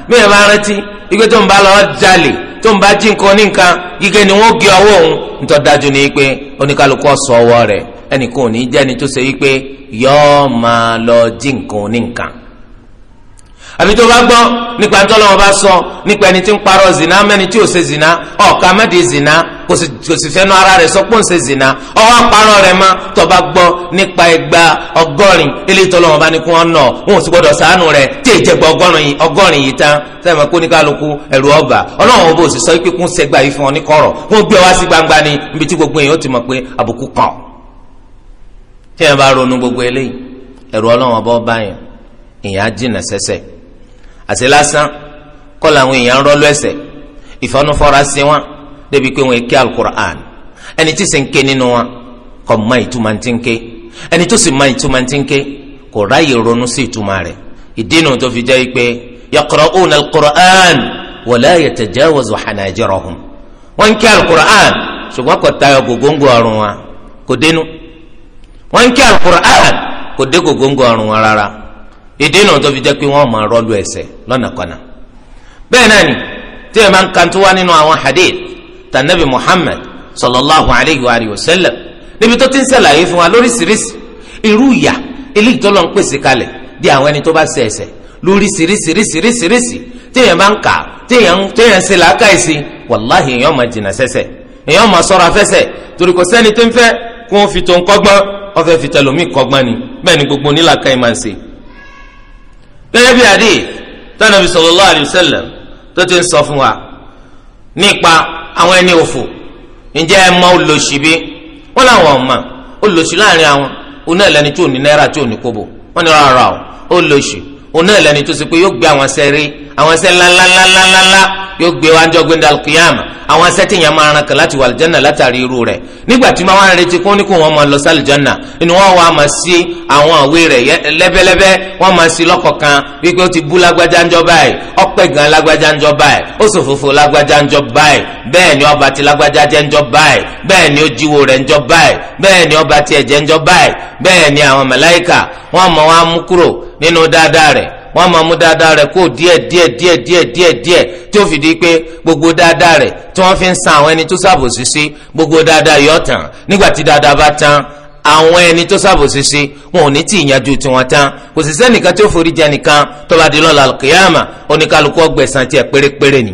mi ò máa rántí igbe tó ń bá lọ jalè tó ń bá jí nǹkan ní gígé ni wọ́n gé ọwọ́ òun nítorí dájú ni pé oníkálukú ọ̀sọ̀ ọwọ́ rẹ̀ ẹnìkan ò ní jẹ́ ẹni tó ṣe wípé yọ́ọ́ máa lọ jí nǹkan oníǹkan àbí tó bá gbọ́ nípa tọ́lọ́wọ́ bá sọ nípa ẹni tí ń parọ́ zina mẹ́ni tí ò ṣe zina ọ̀ka mẹ́di zina kò sì fẹ́nu ara rẹ̀ sọ pé ń ṣe zina ọwọ́ parọ́ rẹ̀ ma tó bá gbọ́ nípa ẹgba ọgọ́rin ilé tọ́lọ́wọ́ bá ní kí wọ́n nà wọn ò sì gbọ́dọ̀ ṣàánú rẹ̀ tí èjẹ̀gbọ́ ọgọ́rin yìí tán sẹ́mi kó ní kálukú ẹ̀rù ọba ọlọ́run ọba sì sọ pé kún sẹ́gbà tí yẹn bá ronú gbogbo eléyìí ẹ̀rù ọlọ́run ọba ọba yẹn ìyẹn á jìnà sẹ́sẹ̀ àti lásán kọ́ làwọn èèyàn ń rọ́lú ẹ̀sẹ̀ ìfọ́nufọ́ra sí wọn débi pé wọn ké alukur'an ẹni tí sì ń ké nínú wọn kò mọ ìtumọ̀ ti ń ké ẹni tó sì mọ ìtumọ̀ ti ń ké kò ráyè ronú sí ìtumọ̀ rẹ̀ ìdí nu tó fi jẹ́ pé yaqra'una alukur'an wala yatajawazu hanajirahum wọn ké alukur'an ṣùgbọ́n kò tayọ gògóńgò ọrùn wọn kò dénú. wọ́n ń kí alukur'an kò dé kò góńgó ọrùn wọn rárá náà tó fi jẹ́ pé máa náà ni tí ẹ máa ń wá nínú àwọn hadith tànàbí muhammad sallallahu alayhi wa sallam níbi tó ti ń fún wa lóríṣiríṣi irú ìyà eléyìí tó lọ ń pèsè kalẹ̀ bí àwọn ẹni tó bá tí ń kà tí wàláhì máa jìnnà máa ọfẹ fi tẹlomi kọ́gbọ́n ni bẹ́ẹ̀ ni gbogbo onílàkà yìí máa ń ṣe. gẹ́gẹ́ bí adé tánàbí sallallahu alayhi wa sallam tó ti ń sọ fún wa nípa àwọn ẹni òfò ǹjẹ́ ẹ mọ olóṣì bí wọ́n làwọn ọ̀ma olóṣì láàrin àwọn oná ìlẹ́ni tí ò ní náírà tí ní kóbò wọ́n ní rárá o olóṣì oná ìlẹ́ni tó ṣe pé yóò gbé àwọn sẹ́rí àwọn ẹsẹ̀ ńláńláńláńlá yóò gbé wa jọ gbé dàlù kìyàmà àwọn ẹsẹ̀ tí yẹn máa ran kàn láti wà àlùjánnà látàrí irú rẹ̀ nígbà tí wọ́n wá retí kó ní kó wọ́n máa lọ sí àlùjánnà inú wọn wá máa sí àwọn àwé rẹ̀ lẹ́bẹ́lẹ́bẹ́ wọ́n máa sí lọ́kọ̀ọ̀kan wípé ó ti bú lágbájá ńjọ́ báyìí ọ̀pẹ̀ gan lágbájá ńjọ́ báyìí ó ṣòfófó lágbájá ńjọ́ báyìí bẹ́ẹ̀ ni ó ti lágbájá jẹ́ ńjọ́ báyìí bẹ́ẹ̀ ni ó jíwó rẹ̀ ńjọ́ báyìí bẹ́ẹ̀ ni ó ba tiẹ̀ jẹ́ ńjọ́ báyìí bẹ́ẹ̀ ni àwọn màláíkà wọ́n mọ̀ wá mú kúrò nínú dáadáa rẹ̀ wọ́n máa mú dáadáa rẹ̀ kó díẹ̀ díẹ̀ díẹ̀ díẹ̀ díẹ̀ díẹ̀ tí ó fi di pé gbogbo dáadáa rẹ̀ tí wọ́n fi ń san àwọn ẹni tó ṣàbòsí sí gbogbo dáadáa yóò tán nígbà tí dáadáa bá tán àwọn ẹni tó ṣàbòsí sí wọn ò ní tí ì tiwọn tán kò sì sẹ́nìkan tí ó forí jẹ nìkan tó di lọ́la alkiyama oníkálukú ọgbẹ̀sán tiẹ̀ pérépéré ni.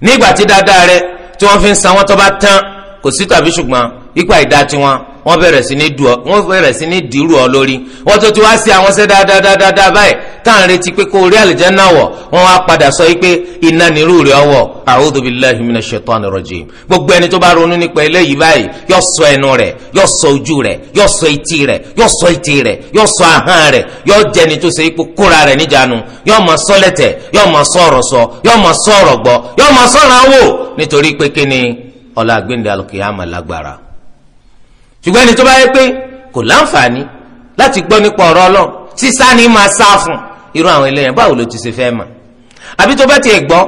nígbà tí dáadáa rẹ̀ tí wọ́n fi ń san wọn tó bá tán kò sí tàbí ṣùgbọ́n ipa ìdá tiwọn wọ́n bẹ̀rẹ̀ sí ní dùọ́ wọ́n bẹ̀rẹ̀ sí ní dìrú ọ lórí wọ́n tó ti wá sí àwọn ṣẹ́ dáadáa báyìí tá à ń retí pé kó rí àlùjánnà wọ̀ wọ́n wá padà sọ pé iná nírú rẹ̀ ọwọ́ a'udhu billahi minash shaitani rajim gbogbo ẹni tó bá ronú nípa eléyìí báyìí yóò sọ ẹnu rẹ̀ yóò sọ ojú rẹ̀ yóò sọ etí rẹ̀ yóò sọ etí rẹ̀ yóò sọ ahọ́n rẹ̀ yóò jẹni tó ṣe ipò kóra rẹ̀ níjànú yóò máa sọ yóò máa sọ ọ̀rọ̀ sọ yóò máa sọ ṣùgbọ́n ẹni tó bá yẹ pé kò láǹfààní láti gbọ́ nípa ọ̀rọ̀ ọlọ́run sísá ni máa sá fún irú àwọn eléyàn báwo ló ti ṣe fẹ́ mọ̀ àbí tó bá tiẹ̀ gbọ́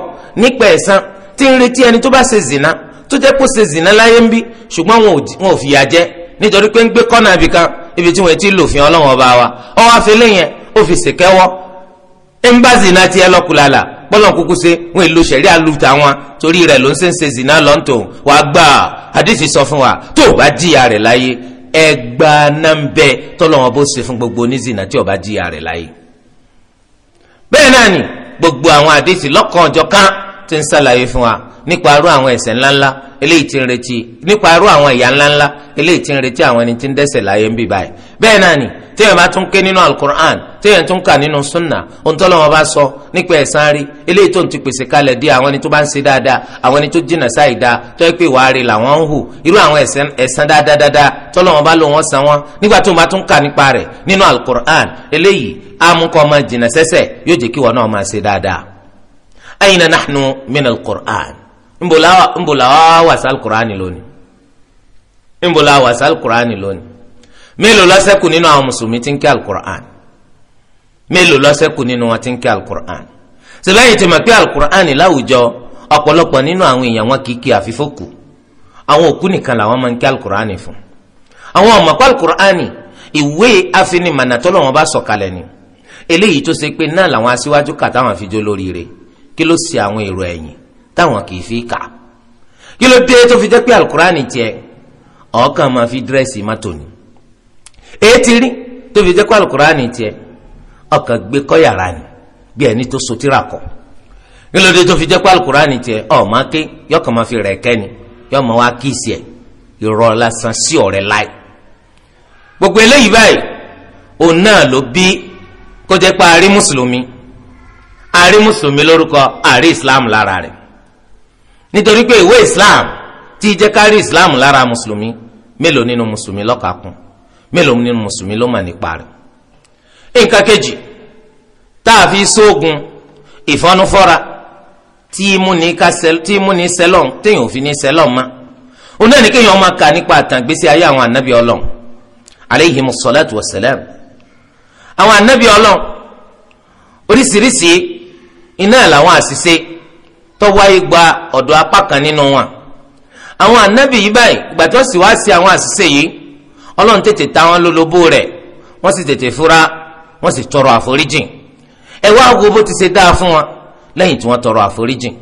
nípa ẹ̀san tí ń retí ẹni tó bá ṣe zìnà tó jẹ́ kó ṣe zìnà láyé ń bí ṣùgbọ́n wọn ò fìyà jẹ nítorí pé ń gbé kọ́nà ibìkan ibi tí wọ́n ti lòfin ọlọ́run ọba wa ọwọ́ afẹ́lẹ́ ó fi ṣèkẹ́wọ́ ń bá zìnà tiẹ̀ lọ́kùlàlà bọ́lọ̀ kúkú se wọn èlò sẹ̀rí àlùtà wọn torí rẹ̀ ló ń ṣèǹṣe zina lọ́ntò wà gbà àdìsí sọ fún wa tó o bá jìyà rẹ̀ láyé ẹgbà nàmbẹ tọ́lọ́wọ́n bó ṣe fún gbogbo onízìnà tí o bá jìyà rẹ̀ láyé. bẹ́ẹ̀ náà ni gbogbo àwọn àdìsí lọ́kàn kan ti ń ṣàlàyé fún wa nípa arú àwọn ẹ̀ṣẹ̀ ńláńlá eléyìí tí ń retí nípa arú àwọn ìyà ńláńlá eléyìí tí ń retí àwọn ẹni tí ń dẹ́ṣẹ̀ láyé ń bì báyìí bẹ́ẹ̀ náà ni téèyàn bá tún ké nínú alukur'an téèyàn tún kà nínú sunna ohun tó lọ́wọ́ bá sọ nípa ẹ̀san rí eléyìí tó ń ti pèsè kalẹ̀ dé àwọn ẹni tó bá ń ṣe dáadáa àwọn ẹni tó jìnnà sáì dáa tó yẹ pé ìwà rí làwọn ń hù irú àwọn ẹ̀san dáadáa tó lọ́wọ́ bá nbola nbola wasa alukurani lónìí nbola wasa alukurani lónìí mélòó ló ṣẹ́kù nínú àwọn mùsùlùmí tí ń kí alukurani mélòó ló ṣẹ́kù nínú wọn tí ń kí alukurani sẹbẹ́yìn tí ma pé alukurani láwùjọ ọ̀pọ̀lọpọ̀ nínú àwọn èèyàn wọn kì í kí àfífòkù àwọn òkú nìkan làwọn máa ń kí alukurani fún àwọn ọmọ kọ́ alukurani ìwé afinimànà tọ́lọ́wọ́n bá sọ̀kalẹ̀ ni eléyìí tó ṣe pé náà làwọn aṣíwájú kàtàwọn àfijọ́ lóríire kí ló ṣe àwọn èrò ẹ̀yìn táwọn kì í fi kà kí ló dé tó fi jẹ́ pé alukurani tiẹ̀ ọ̀ọ́kàn máa fi dírẹ́sì mọ́tò ni ètí rí tó fi jẹ́ pé alukurani tiẹ̀ ọ̀kàn gbé kọ́ yàrá ni bí ẹni tó so tíra kọ́ kí ló dé tó fi jẹ́ pé alukurani tiẹ̀ ọ̀ ké yọkàn máa fi rẹ̀ kẹ́ ni wá kí ìsì ẹ̀ irọ́ lásán sí ọ̀rẹ́ láì gbogbo eléyìí báyìí òun náà ló bí kó jẹ́ pé a mùsùlùmí a mùsùlùmí lórúkọ a islam lára rẹ̀ nítorí pé ìwé islam tí jẹ́ kárí islam lára mùsùlùmí mélòó nínú mùsùlùmí lọ́kàkùn mélòó nínú mùsùlùmí ló mà nípa rẹ̀. nǹkan kejì tá a fi sóògùn ìfọnúfọ́ra tí múni sẹlọ̀n téèyàn ò fi ní sẹlọ̀n ma òun náà ní kéèyàn máa kà nípa àtàgbésí ayé àwọn ànábì ọlọ́run aleyhi musalatu wa salam àwọn ànábì ọlọ́run oríṣiríṣi iná làwọn àṣìṣe tọ́wọ́ ayé gba ọ̀dọ̀ apá kan nínú wọn àwọn ànábì yìí báyìí ìgbà tó sì wá sí àwọn àṣìṣe yìí ọlọ́run tètè ta wọn lólobó rẹ̀ wọ́n sì tètè fura wọ́n sì tọrọ àforíjìn ẹ wá wo bó ti ṣe dáa fún wọn lẹ́yìn tí wọ́n tọrọ àforíjìn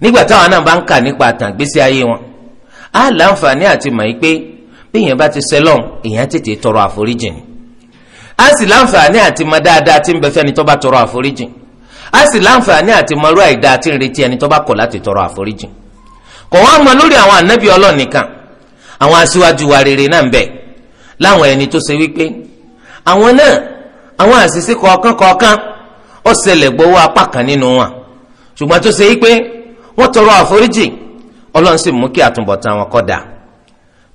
nígbà táwọn náà bá ń kà nípa àtàgbésí ayé wọn á láǹfààní àti mọ̀ yìí pé bí èèyàn bá ti sẹ́lọ̀n èèyàn tètè tọrọ àforíjìn á sì láǹfààní àti mọ̀ dáadáa tí ń bẹ fẹ́ni tó bá tọrọ àforíjìn a sì láǹfààní àti mọ̀rú àìdá àti ìrètí ẹni tó bá kọ̀ láti tọrọ àforíjì kò wá mọ lórí àwọn ànábì Ọlọ́run nìkan àwọn aṣíwájú wa rere náà ń bẹ láwọn ẹni tó ṣe wípé àwọn náà àwọn àṣìṣe kọ̀ọ̀kan kọ̀ọ̀kan ó ṣẹlẹ̀ gbowó apá kan nínú wọn ṣùgbọ́n tó ṣe wípé wọ́n tọrọ àforíjì Ọlọ́run sì mú kí àtúbọ̀tán wọn kọ́ da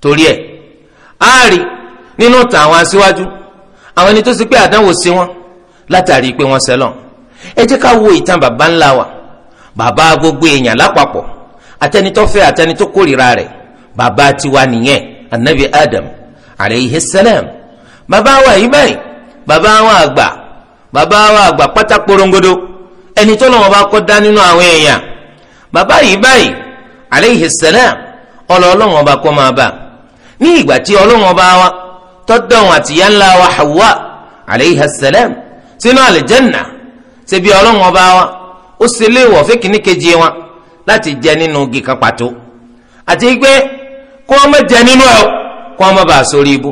torí ẹ̀ á rí nínú ìtàn àwọn aṣíwájú àwọn ẹni tó ṣe pé àdánwò sí wọn látàrí pé wọ́n ṣẹlọ́ọ̀ ẹ jẹ́ ká wo ìtàn bàbá ńlá wa bàbá gbogbo èèyàn lápapọ̀ atẹnitọ́ fẹ́ atẹnitọ́ kórìíra rẹ̀ bàbá tiwa nìyẹn anabi adam aleyhi salam bàbá wa yìí báyìí bàbá wa àgbà bàbá wa àgbà pátá korongodo ẹni tó lọ́wọ́ bá kọ́ dá nínú àwọn èèyàn bàbá yìí báyìí aleyhi salam ọlọ́ọ̀lọ́wọ́ bá kọ́ máa bá ní ìgbà tí ọlọ́wọ́ bá wa tọ́dọ̀ wọn àtìyá ńlá wa hawa aleyhi salam sínú àlìjẹ́nà ṣebí ọlọ́run ọba wa ó ṣe léèwọ̀ fẹ́kìnní kejì wọn láti jẹ nínú igi kan pàtó àti pé kó wọn má jẹ nínú ẹ kó wọn má bàa sórí ibú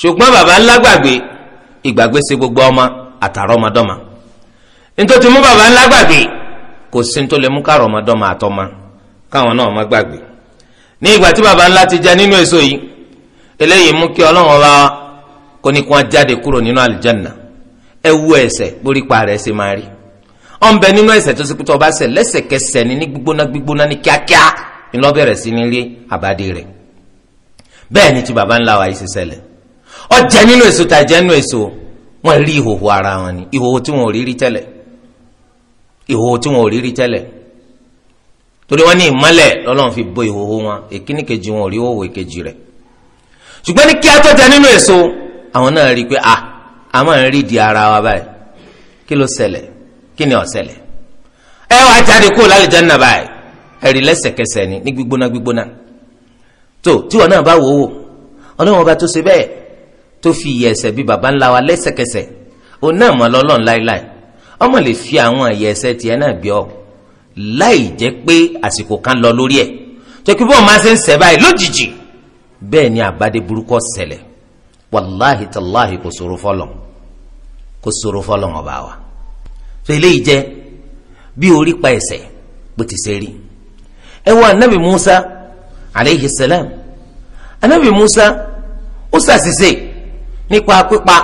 ṣùgbọ́n bàbá ńlá gbàgbé ìgbàgbé ṣe gbogbo ọmọ àtàrọ́ ọmọdọ́mà nítorí mú bàbá ńlá gbàgbé kò sí ní tó lè mú kárọ̀ ọmọdọ́mà àtọ́mà káwọn náà má gbàgbé ní ìgbà tí bàbá ńlá ti jẹ nínú èso yìí eléyìí mú kí ọlọ́run ọba kó ní kí wọ́n jáde kúrò nínú àlìjánnà ẹ wo ẹ̀ṣẹ̀ borí pa rẹ̀ ṣe máa rí ọ̀nbẹ nínú ẹ̀ṣẹ̀ tó ṣe pé tọba ṣẹ̀ lẹ́sẹ̀kẹsẹ̀ ni ní gbígbóná gbígbóná ní kíákíá ni lọ́ bẹ̀rẹ̀ sí ní rí àbádé rẹ̀ bẹ́ẹ̀ ni ti baba ńlá wa yìí ṣe ṣẹlẹ̀ ọjẹ́ nínú èso tàjẹ́ nínú èso wọ́n rí ìhòhò ara wọn ni ìhòhò tí wọn ò rí rí tẹ́lẹ̀ ìhòhò tí wọn ò rí rí tẹ́lẹ̀ torí wọn ní ìmọ́lẹ̀ lọ́lọ́run fi bo ìhòhò wọn èkíní kejì wọn ò rí ìhòhò èkejì rẹ̀ ṣùgbọ́n ní kí tó jẹ nínú èso àwọn náà rí pé ah a máa ń rí di ara wa báyìí kí ló ṣẹlẹ̀ kí ni ó ṣẹlẹ̀ ẹ wàá jáde kúrò lálùjánnà báyìí ẹ̀rí lẹ́sẹ̀kẹsẹ̀ ni ní gbígbóná gbígbóná tó tíwọ náà bá wò wò ọlọ́run ọba tó ṣe bẹ́ẹ̀ tó fi ìyẹ̀ ẹ̀ṣẹ̀ bíi baba ńlá wa lẹ́sẹ̀kẹsẹ̀ òun náà mọ̀ lọ́lọ́run láíláí ọmọ lè fi àwọn ìyẹ̀ ẹ̀ṣẹ̀ tiẹ̀ náà bí ọ láì jẹ́ pé àsìkò kan lọ lórí ẹ̀ tó kí bọ́ọ̀ máa ṣe ń ṣẹ̀ báyìí lójijì bẹ́ẹ̀ ni àbádé burúkọ ṣẹlẹ̀ wàláhì tàláhì kò sòro fọlọ kò sòro fọlọ ọba wa so eléyìí jẹ bí orí pa ẹsẹ̀ bó ti ṣe rí ẹ wọ anabi musa aleyhi salam anabi musa ó ṣàṣìṣe nípa pípa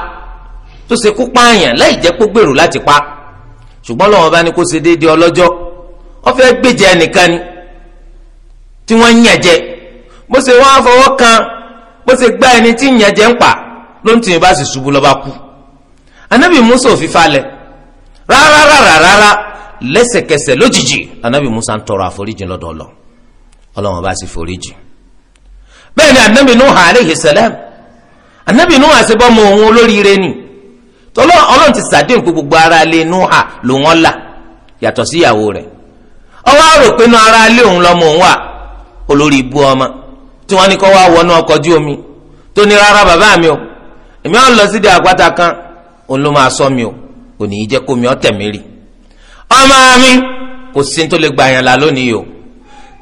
tó ṣe kú pààyàn láì jẹ́ kó gbèrò láti pa ṣùgbọ́n lọ́wọ́ bá ní kó ṣe déédéé ọlọ́jọ́ ó fẹ́ gbèjà ẹnìkan ni tí wọ́n ń yàn jẹ bó ṣe wọ́n á fọwọ́ kan bó ṣe gbá ẹni tí ìyẹn jẹ́ ń pa ló ń tì í bá sì ṣubú lọ́ba kú anabi musa ò fi falẹ̀ rárárárárá lẹ́sẹ̀kẹsẹ̀ lójijì anabi musa ń tọrọ àforíjì lọ́dọ̀ ọlọ ọlọ́run bá sì foríjì bẹ́ẹ̀ ni anabi nuhu aleyhi salam anabi nuhu àṣebọmọ òun olóríire ni tọ́lọ́ ọlọ́run ti sàdéhùn pé gbogbo ara lé nuha lòun ọ̀la yàtọ̀ síyàwó rẹ̀ ọwọ́ àròpinnu ara lé òun lọ́mọ òun wà olórí ibú ọmọ tí wọ́n ní kó wá wọnú ọkọ̀ ojú omi tó ní rárá bàbá mi o èmi ọ̀ lọ sídìí àpáta kan òun ló máa sọ mi o kò ní í jẹ́ kó mi ọ̀ tẹ̀mí rì ọmọ mi kò sí tó lè gbà yàn là lónìí o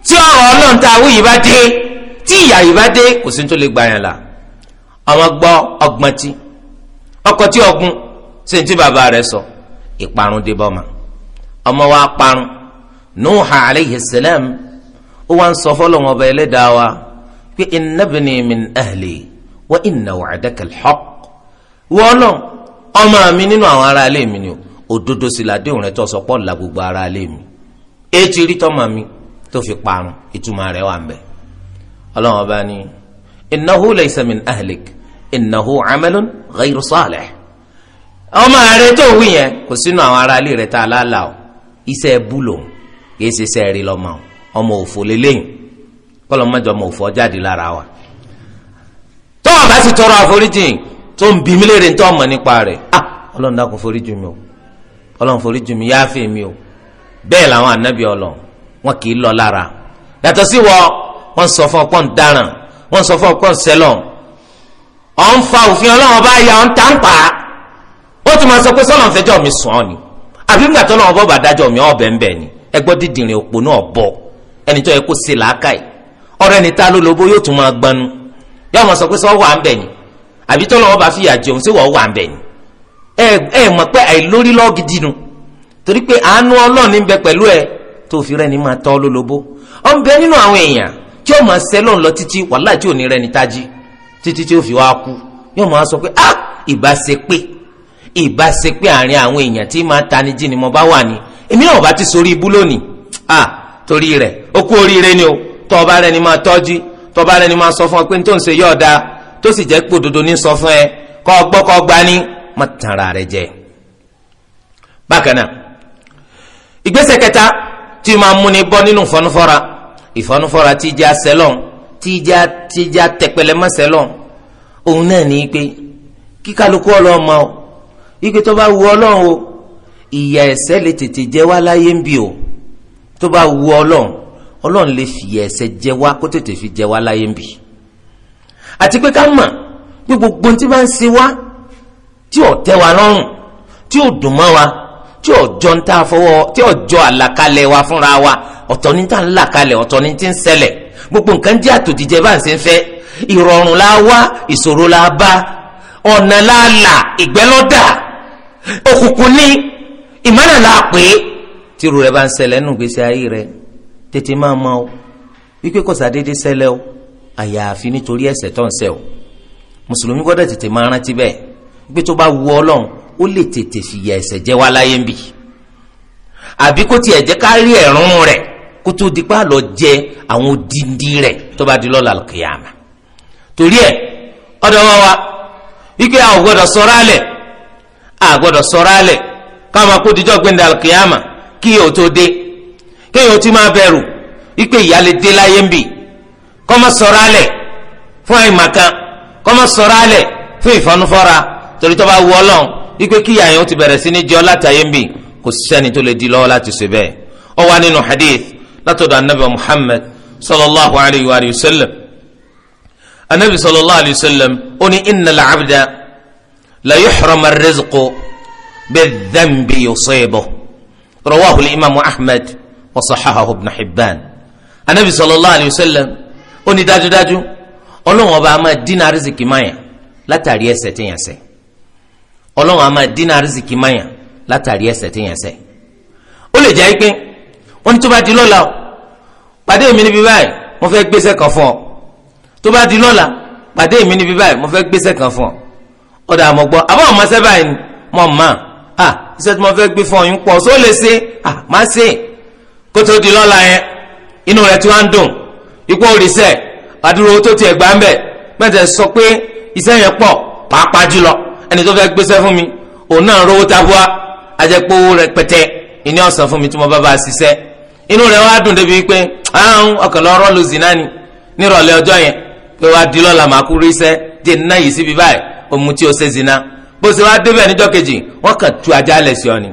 tí ọ̀rọ̀ ọlọ́run tá a wí yìí bá dé tí ìyà yìí bá dé kò sí tó lè gbà yàn là ọmọ gbọ́ ọgbọ́n tí ọkọ̀ tí ọgbọ́n sí ti bàbá rẹ̀ sọ ìparun dé bọ́mà ọmọ wa parun Nuha alayhi salam ó wá ń sọ fọlọ́wọn ọba ẹlẹ́dàá wa pé innabni min ahli wa inna wa'daka al-haqq wọ́n náà ọmọ mi nínú àwọn ará ilé mi ni o òdodo sì làdéhùn rẹ tó sọ pọ́ la gbogbo ará ilé mi etí rí tọ́mọ mi tó fi parun ìtumọ̀ rẹ̀ wà ń bẹ. ọlọ́run ọba ni innahu laysa min ahlik innahu ghayru salih ọmọ rẹ tó wí yẹn kò sínú àwọn ará ilé rẹ tá a lálàá o iṣẹ́ bú lòun kì í ṣe rí lọ́mọ ọmọ òfò lélẹ́yìn kọ́lọ́ mọ́jọ mọ̀ òfò jáde lára wa. tó o bá sì tọrọ àforíjìn tó ń bí mi léèrè tó o mọ̀ nípa rẹ̀ ah ọlọ́run dákun foríjì mi o ọlọ́run foríjì mi yááfẹ́ mi o bẹ́ẹ̀ làwọn ànábì ọlọ́run wọn kì í lọ lára yàtọ̀ sí wọ wọn sọ fún ọpọ́n dáràn wọn sọ fún ọpọ́n sẹlọ̀ ọ̀ ń fa òfin ọlọ́run bá ya ọ̀ ń tà ń pa ó tún máa sọ pé sọ́lọ́n fẹjọ́ mi sùn ọ́ ni àbí nígbà tó lọ́wọ́ bọ́ bàdájọ́ mi ọ̀ bẹ́ẹ̀ bẹ́ẹ̀ ni ẹgbọ́ dídìrín òpó náà bọ̀ ẹni yẹ kó ṣe làákàyè ọ̀rẹ́ ni ta ló yóò tún máa gbanu yóò sọ pé sọ wà ń àbí tọ́lọ́ wọn fi jẹun sí wọ́n wà ẹ ẹ mọ̀ pé àìlórí lọ́gidi nu torí pé àánú ọlọ́ọ̀ni ń bẹ pẹ̀lú ẹ tó fi máa tọ́ ló nínú àwọn èèyàn tí yóò máa sẹ́lọ̀ lọ títí wàhálà tí ò ní títí tí ó fi wá kú sọ pé ah àwọn èèyàn ti sorí ibú lónìí tọba rẹ ni máa tọ́jú tọba rẹ ni máa sọ fún ọ pé n tó ń ṣe yọ̀ da tó sì jẹ́ pé òdodo ní sọ fún ẹ kọ́ ọ gbọ́ kọ́ ọ gba ní má tànra rẹ jẹ. bákan náà ìgbésẹ̀ kẹta tí máa mú ni bọ́ nínú ìfọnúfọ́ra ìfọnúfọ́ra tí jẹ́ asẹ́lọ̀n tí jẹ́ tí jẹ́ tẹpẹlẹ mọ́sẹ́lọ̀n òun náà ní pé kíkálukú ọlọ́run ma ọ ike tó bá wu ọlọ́run o ìyà ẹ̀ṣẹ̀ lè tètè jẹ́ wá láyé ń bì o tó bá wu ọlọ́run ọlọ́run lè fi ẹ̀ṣẹ̀ jẹ wá kó tètè fi jẹ wá láyé ń bì àti pé ká mọ̀ pé gbogbo tí bá ń ṣe wá tí ò tẹ́ wa lọ́rùn tí ò dùn mọ́ wa tí ò jọ ń tá a fọwọ́ tí ò àlàkalẹ̀ wa fúnra wa ọ̀tọ̀ ní tá ń là kalẹ̀ ọ̀tọ̀ ní tí ń ṣẹlẹ̀ gbogbo nǹkan jẹ́ àtòjìjẹ bá ń ṣe ń fẹ́ ìrọ̀rùn la wá ìṣòro la bá ọ̀nà la là ìgbẹ́ òkùnkùn ní ìmọ̀nà la pè é tí irú rẹ̀ bá ń ṣẹlẹ̀ nù gbèsè ayé rẹ̀ tètè máa mọ o wípé kò sàdédé ṣẹlẹ̀ o àyàfi nítorí ẹ̀ṣẹ̀ tó ń ṣẹ̀ o mùsùlùmí gbọ́dọ̀ tètè máa rántí bẹ́ẹ̀ wípé tó bá wu Ọlọ́run ó lè tètè fìyà ẹ̀ṣẹ̀ jẹ wá láyé ń bì àbí kó tiẹ̀ jẹ́ ká rí ẹ̀rún rẹ̀ kó tó di pa lọ jẹ àwọn odindi rẹ̀ tó bá di lọ́la kìyàmà torí ẹ̀ ọ̀dọ̀ wọn wa wípé a ò gbọ́dọ̀ sọ̀rọ̀ alẹ̀ a gbọ́dọ̀ sọ̀rọ̀ alẹ̀ káwọn akó dijọ́ gbẹ̀ndẹ̀ alkìyàmà kí o tó dé kéèyàn ti máa bẹ̀rù wípé ìyà lè dé láyé ń bì kó má sọ̀rọ̀ alẹ̀ fún àìmàkan kó má sọ̀rọ̀ alẹ̀ fún ìfọnúfọ́ra torí tó bá wù Ọlọ́run wípé kí ìyà yẹn ó ti bẹ̀rẹ̀ sí ní jọ látàyé ń bì kò sẹ́ni tó lè di lọ́wọ́ láti ṣe bẹ́ẹ̀ ó wà nínú hadith látọ̀dọ̀ anabi Muhammad sallallahu alayhi wa sallam anabi sallallahu alayhi wa sallam ó ní innal abda la yuhram ar-rizqu bi dhanbi yusibuh rawahu al-imam Ahmad wa sahahahu ibn النبي صلى الله عليه وسلم. sallam ó ní dájúdájú ọlọ́run ọba a máa dín arísìkì máyà látàrí ẹ̀ṣẹ̀ téèyàn ṣẹ̀ ọlọ́run a máa dín arísìkì máyà látàrí ẹ̀ṣẹ̀ téèyàn ṣẹ̀ ó lè jẹ́ pé wọ́n ní tó bá di lọ́la o pàdé mi níbi báyìí mo fẹ́ gbéṣẹ́ kan fún ọ tó bá di lọ́la pàdé mi níbi báyìí mo fẹ́ gbéṣẹ́ kan fún ọ ọ̀dà àmọ́ gbọ́ àbọ̀ ọ̀mọ́ṣẹ́ báyìí mọ̀ mọ́ à iṣẹ́ tí mo fẹ́ gbé fún ọ yín pọ̀ só lè ṣe má ṣe kótó di lọ́la yẹn inú rẹ̀ tí wọ́n ń dùn ikú òrìṣẹ́ àdúró tó tiẹ̀ gbà ń bẹ̀ mẹ́tẹ̀ sọ pé iṣẹ́ yẹn pọ̀ pàápàá jùlọ ẹni tó fẹ́ gbéṣẹ́ fún mi òun náà rówó tabua ajẹ́pọ̀ owó rẹ̀ pẹ̀tẹ́ ìní ọ̀sán fún dùn débi pé ọkàn lọ́rọ́ zina ni nírọ̀lẹ́ ọjọ́ yẹn pé wá di lọ́la kú ríṣẹ́ dé yìí síbi zina bó ṣe wá débẹ̀ kejì wọ́n tu ajá lẹ̀ sí ọ ni.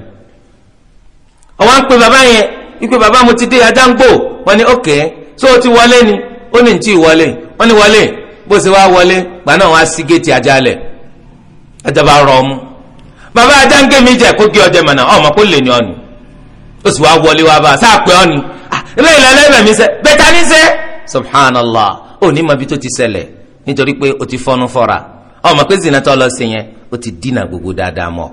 ikwe baba mo ti dé adáǹgbò wọn ni ókè so o ti wọlé ni ó ní ti wọlé wọn ni wọlé bó ṣe wá wọlé gbà náà wọn á sí géètì ajá lẹ ajá bá rọ ọmú mi jẹ kó gé ọjẹ ọmọ kó lè ní ó sì wá wọlé wá bá a sáà pé ọ̀nì ah, ilé ìlànà ẹ̀mẹ̀ mi sẹ bẹ́tà ní sẹ subhanallah ó ní mọbi tó ti nítorí pé o ti fọnú fọra ọmọ pé zinatọ lọ sí yẹn o ti dínà gbogbo dáadáa mọ.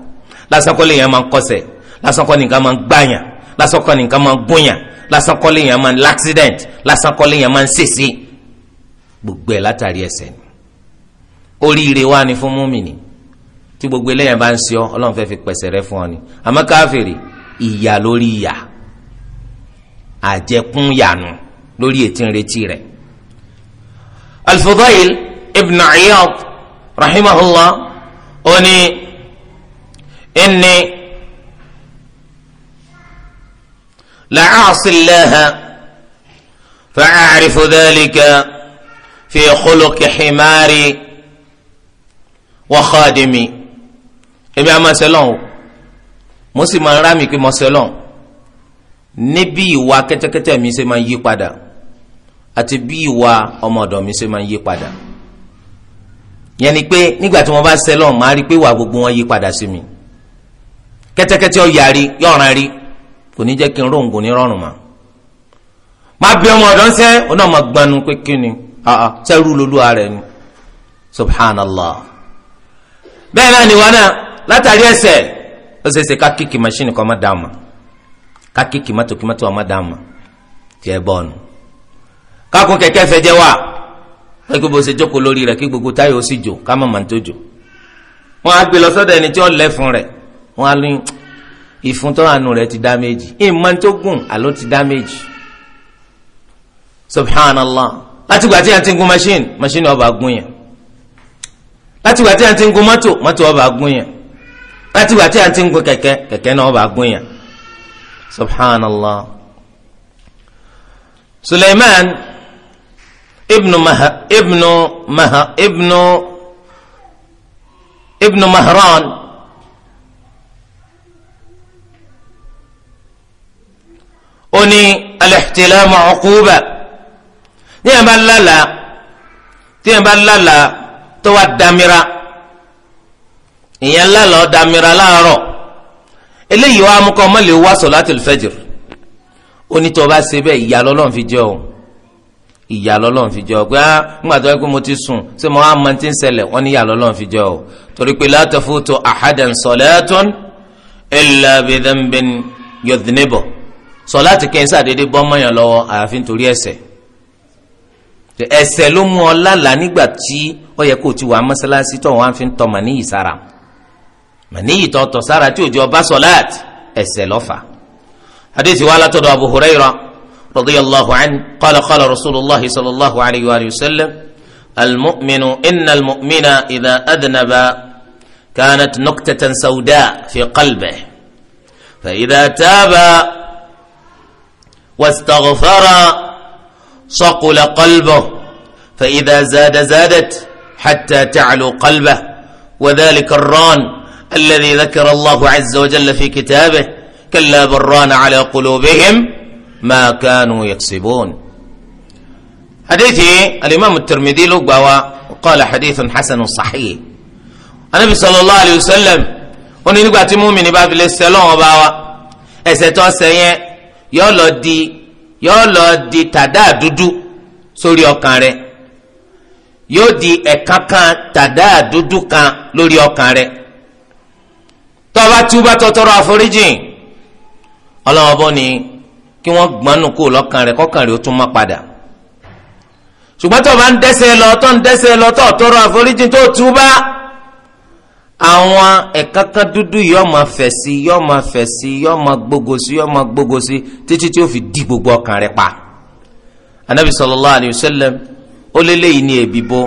lásán kọ́ lè yẹn máa ń lásán kọ́ lásán kọ́ nìkan máa ń gúnyàn lásán kọ́ léèyàn máa ń l'accident lásán kọ́ léèyàn máa ń sèse gbogbo ẹ̀ látàrí ẹ̀ṣẹ̀ ni oríire wa ni fún múmìnì tí gbogbo eléyàn bá ń ṣe ọ ọlọ́run fẹ́ fi pẹ̀sẹ̀ rẹ fún ọ ni àmọ́ káfíìrì ìyà lórí ìyà àjẹkún yànù lórí ètí ń rẹ. al-Fudayl ibn Iyad rahimahullah ó ní inni. لعاصي الله فأعرف ذلك في خلق حماري وخادمي ebi a ma sẹlọn o mo sì máa ń rá mi kí mo sẹlọn níbi ìwà kẹ́tẹ́kẹ́tẹ́ mi ṣe máa ń yí padà àti bí ìwà ọmọọ̀dọ̀ mi ṣe máa ń yí padà yẹn ni pé nígbà tí wọ́n bá sẹlọn máa rí pé ìwà gbogbo wọn yí padà sí mi kẹ́tẹ́kẹ́tẹ́ ó yarí yọ̀ràn rí kò ní jẹ́ kí n róhùn kò ní rọrùn mà má bí ọmọ ọ̀dọ́ ń sẹ́ ọ náà má gbanu pé kí ni sẹ́rù lolúwa rẹ̀ ni subhanallah bẹ́ẹ̀ náà ni wọn náà látàrí ẹsẹ̀ ó ṣe ṣe ká kíkì machine kan má dá mà ká kíkì mọ́tò kí mọ́tò ọmọ dá mà tiẹ̀ bọ́ọ̀nù kákun kẹ̀kẹ́ fẹ́ jẹ́ wà ẹgbẹ́ bó ṣe jókòó lórí rẹ̀ kí gbogbo táyà ó sì jò ká má má tó jò wọ́n á gbé lọ sọ́dọ̀ ẹni tí ó lẹ̀ fún rẹ̀ á lóyún ìfun tó hànú rẹ̀ ti dáméjì ìmọ̀ tó gùn àló ti dáméjì subhanallah láti gbà tí a ti gun machine machine ọba gun yẹn láti gbà tí a ti ń gun mọ́tò mọ́tò ọba gun yẹn láti gbà tí a ti gun kẹ̀kẹ́ kẹ̀kẹ́ náà ọba gun yẹn subhanallah suleiman ibnu maha ibnu maha ibnu ibnu mahran. ó ní al-ihtilamu uquba ní ẹ̀ bá lálàá tí ẹ̀ bá lálàá tó wà dámira ìyẹn lálàá dámira láàárọ̀ eléyìí wàá mú kọ́ ọmọ lè wá salatul fajr ó ní tó bá ṣe bẹ́ẹ̀ ìyà lọ́lọ́run fi jẹ́ o ìyà lọ́lọ́run fi o pé ah nígbà tó mo ti sùn ṣé mo á ti ń ṣẹlẹ̀ wọ́n ní ìyà o torí pé la tafutu ahadan salatun illa sọláàtì kẹ́ńsà dédé bọ́ mọ́yàn lọ́wọ́ àyàfi nítorí ẹ̀ṣẹ̀ ẹ̀ṣẹ̀ ló mú ọ lálà nígbà tí ó yẹ kó o ti wà mọ́sálásí tó wọn fi ń tọ màníyì sára màníyì tó tọ̀ sára tí òjò ọba sọláàtì ẹ̀ṣẹ̀ lọ́fà hadisi wa látọ̀dọ̀ Abu Hurairah radiyallahu anhu qala qala rasulullahi sallallahu alayhi wa sallam almu'minu inna almu'mina idha adnaba kanat nuktatan sawda fi qalbihi fa idha taaba. واستغفر صقل قلبه فإذا زاد زادت حتى تعلو قلبه وذلك الران الذي ذكر الله عز وجل في كتابه كلا بران على قلوبهم ما كانوا يكسبون حديثي الإمام الترمذي لقوا قال حديث حسن صحيح النبي صلى الله عليه وسلم وني نقاتي مؤمن باب الاستلام وباوا أستوى tó yóò lọ di yóò lọ di tàdá dúdú sórí ọkàn rẹ yóò di ẹ̀ka kan tàdá dúdú kan lórí ọkàn rẹ tọ́ba túbà tọ́tọ́rọ àforíjìn ọlọ́wọ́n bọ́ ni kí wọ́n gbọ́nù kó lọ́kàn rẹ kọ́kàn rẹ ó tún má padà ṣùgbọ́n tọ́ba ń dẹ́ṣẹ̀ lọ tọ́ ń dẹ́ṣẹ̀ lọ tọ́ tọ́rọ àforíjìn tó túbà àwọn ẹ̀kankan dúdú yóò máa fẹ̀ sí yóò máa fẹ̀ sí yóò máa gbógo sí yóò máa gbógo sí títí tí ó fi di gbogbo ọkàn rẹ̀ pa anabi sallallahu alayhi wa sallam ó lélẹ́yìí ní èbìbó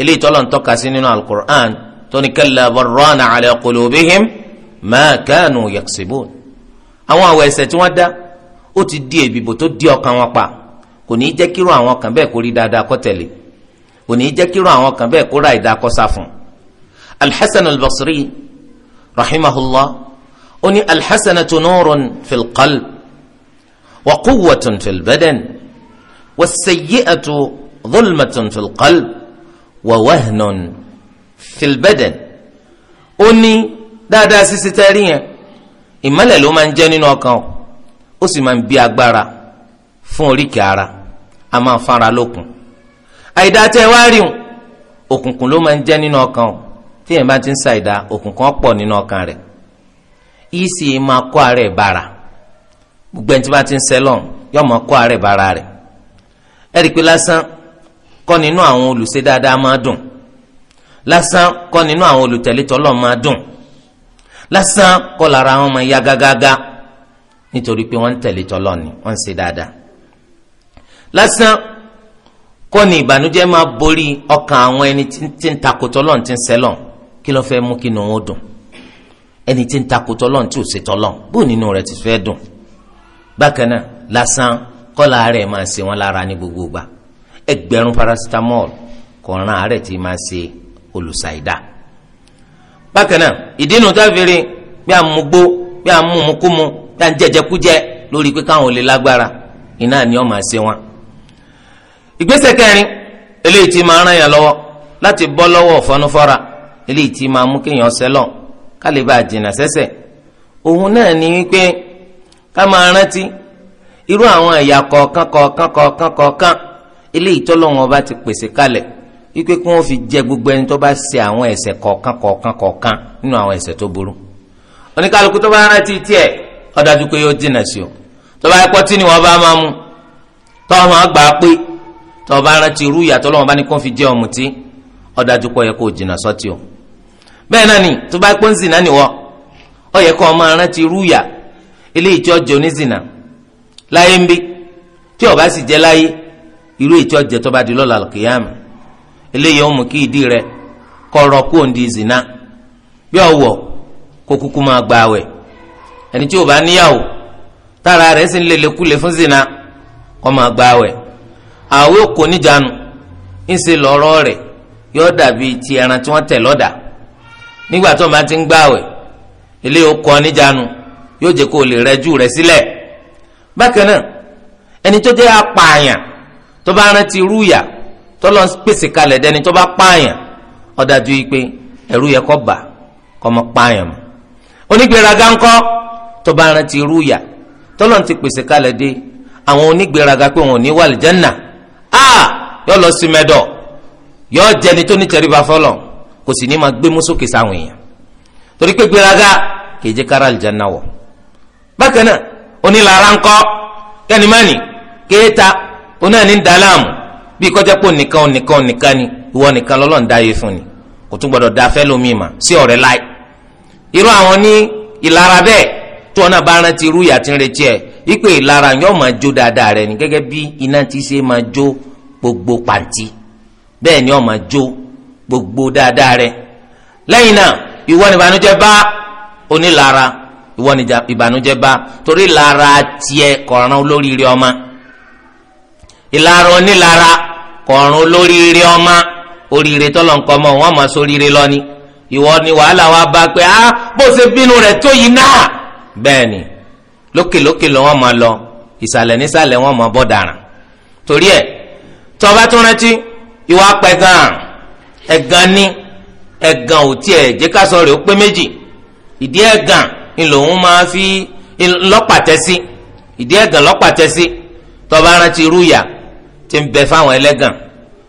eléyìí tọ́lọ̀ ń tọ́ka sí nínú alukur'an tóní kalla barrana ala qulubihim ma kanu yaksibun àwọn àwọ̀ ẹ̀ṣẹ̀ tí wọ́n dá ó ti di èbìbò tó di ọkàn wọn pa kò ní í jẹ́ kíró àwọn kan bẹ́ẹ̀ kó rí dáadáa kó tẹ̀lé kò ní í jẹ́ kíró àwọn kan bẹ́ẹ̀ kó ra ìdá fún un alḥasan albasri rahimahullah ó ní alḥasanatu nurun fil qalb wa quwwatun fil badan wa sayyi'atu dhulmatun fil qalb wa wahnun fil badan ó ní dáadáa sisi tẹ́rí yẹn ìmọ́lẹ̀ ló máa ń jẹ́ nínú ọkàn ó sì máa ń bí agbára fún oríkèé ara a máa fara lókun àìdáa tẹ́ wá rí òkùnkùn ló máa ń jẹ́ nínú ọkàn o tí èèyàn bá ti ń ṣàìdá òkùnkàn pọ̀ nínú ọkàn rẹ̀ yìí máa kó ara ẹ̀ gbogbo ẹni tí bá ti ń sẹ́lọ̀n yóò máa kó ara rẹ̀ pé lásán kọ́ nínú àwọn dùn lásán kọ́ nínú àwọn olùtẹ̀lé dùn lásán kọ́ lára pé wọ́n ń ni wọ́n ń ṣe dáadáa lásán kọ́ borí ọkàn àwọn ẹni tí ti ń kí ló fẹ́ mú kí inú wọn dùn ẹni tí ń takò tọ́lọ́n tí ò ṣe tọ́lọ́n bó nínú rẹ̀ ti fẹ́ dùn bákan náà lásán kọ́lá rẹ̀ máa ṣe wọn lára ní gbogbo gbà ẹgbẹ̀rún paracetamol kò ran àárẹ̀ máa ṣe olùṣàìdá bákan náà ìdínú táfìrí bí a mú gbó bí a mú mukumu bí a ń jẹjẹkújẹ lórí pé káwọn ò lè lágbára iná ni wọn máa ṣe wọn. ìgbésẹ̀ kẹrin eléyìí ti máa ràn yàn lọ́wọ́ láti bọ́ lọ́wọ́ ọ̀fọ́nufọ́ra eléyìí tí máa mú kéèyàn sẹ́lọ̀ ká lè bá jìnnà sẹ́sẹ̀ òun náà ni wípé ká máa rántí irú àwọn ẹ̀yà kọ̀ọ̀kan kọ̀ọ̀kan kọ̀ọ̀kan kọ̀ọ̀kan eléyìí tọ́lọ́wọ́n bá ti pèsè kalẹ̀ wípé kí wọ́n fi jẹ gbogbo ẹni tó bá ṣe àwọn ẹ̀ṣẹ̀ kọ̀ọ̀kan kọ̀ọ̀kan kọ̀ọ̀kan nínú àwọn ẹ̀ṣẹ̀ tó burú oníkálukú tó bá rántí tiẹ̀ ó dájú pé yóò jìnnà sí o tó bá ẹ̀kọ́ tí ni wọ́n bá máa mú tó máa gbà pé tó bá rántí irú ìyà tọ́lọ́wọ́n bá ní kó fi jẹ́ ọ̀mùtí ó pé yẹ kó jìnnà sọ́tì o. bẹ́ẹ̀ náà ni tó bá pọ́n zina ni wọ́ ọ yẹ kó ọmọ arántí rúùyà ilé ìjọjọ ní zina láyé ń bí tí ọba sì jẹ láyé irú ìjọjẹ tó bá di lọ́la kìyàmù eléyìí ó kí ìdí rẹ kọ̀rọ̀ kó ń di zina bí ọwọ́ kó kúkú máa gba awẹ ẹni tí ọba níyàwó tára sì ń lele kúle fún zina máa gba níjànú ń nígbà tó máa ti ń gbààwẹ̀ ilé okọ níjànú yóò jẹ́ kó o lè rẹjú rẹ sílẹ̀ bákan náà ẹni tó jẹ́ apààyàn tó bá rántí irú ìyà tó lọ pèsè kalẹ̀ dẹni tó bá pààyàn ó dájú yìí pé ẹ̀rù yẹ kó bà kó má pààyàn mọ́ onígbéraga ńkọ́ tó bá rántí irú tó lọ ti pèsè kalẹ̀ dé àwọn onígbéraga pé wọn ò ní wà lìjánà a yóò lọ sí mẹ́dọ̀ yóò jẹni tó ní tẹríba fọlọ́n kò sì ní máa gbé mósókè sáwọn èèyàn torí pé gbéraga kì í jẹ́ kára àlìjáná wọ̀ bákan náà onílára ńkọ́ kẹ́nìmánì kéèta onáàní ń da láàmú bí kọjá pò nìkan onìkan onìkan ni ìwọ nìkan lọ́lọ́ ń dáyé fún ni kò tún gbọdọ̀ da fẹ́lẹ́ omi mà sí ọ̀rẹ́ láì irú àwọn ní ìlara bẹ́ẹ̀ tí wọn náà bá rántí irú ìyá tí ń retí ẹ̀ wípé ìlara yóò máa jó dáadáa rẹ ni gẹ́gẹ́ bí iná ti ṣe máa jó gbogbo pàǹtí bẹ́ẹ̀ ni ó máa jó gbogbo dáadáa rẹ lẹ́yìn náà ìwọ ni ìbànújẹ́ bá onílara ìwọ ni ìbànújẹ́ bá torí lara tiẹ̀ kọ̀ọ̀ràn olóríire ọmọ ìlara onílara kọ̀ọ̀ràn olóríire ọmọ oríire tọ́lọ̀nkọ́ mọ́ wọn mọ̀ sóríire lọ́ni ìwọ ni wàhálà wa bá pé ah bó ṣe bínú rẹ̀ tó yìí náà bẹ́ẹ̀ ni lókèlókè ló wọn mọ̀ lọ ìsàlẹ̀ nísàlẹ̀ wọn mọ̀ bọ́ dàrán torí ẹ̀ tọ́ba tó rántí ìwà pẹ̀ gan-an ẹ̀gàn ni ẹ̀gàn ò tiẹ̀ jẹ́ ká sọ rẹ̀ ó pé méjì ìdí ẹ̀gàn ni lòun máa fi lọ́pàtẹ́ sí ìdí ẹ̀gàn lọ́pàtẹ́ sí tọ́ba arántí irú ìyà ti ń bẹ fáwọn ẹlẹ́gàn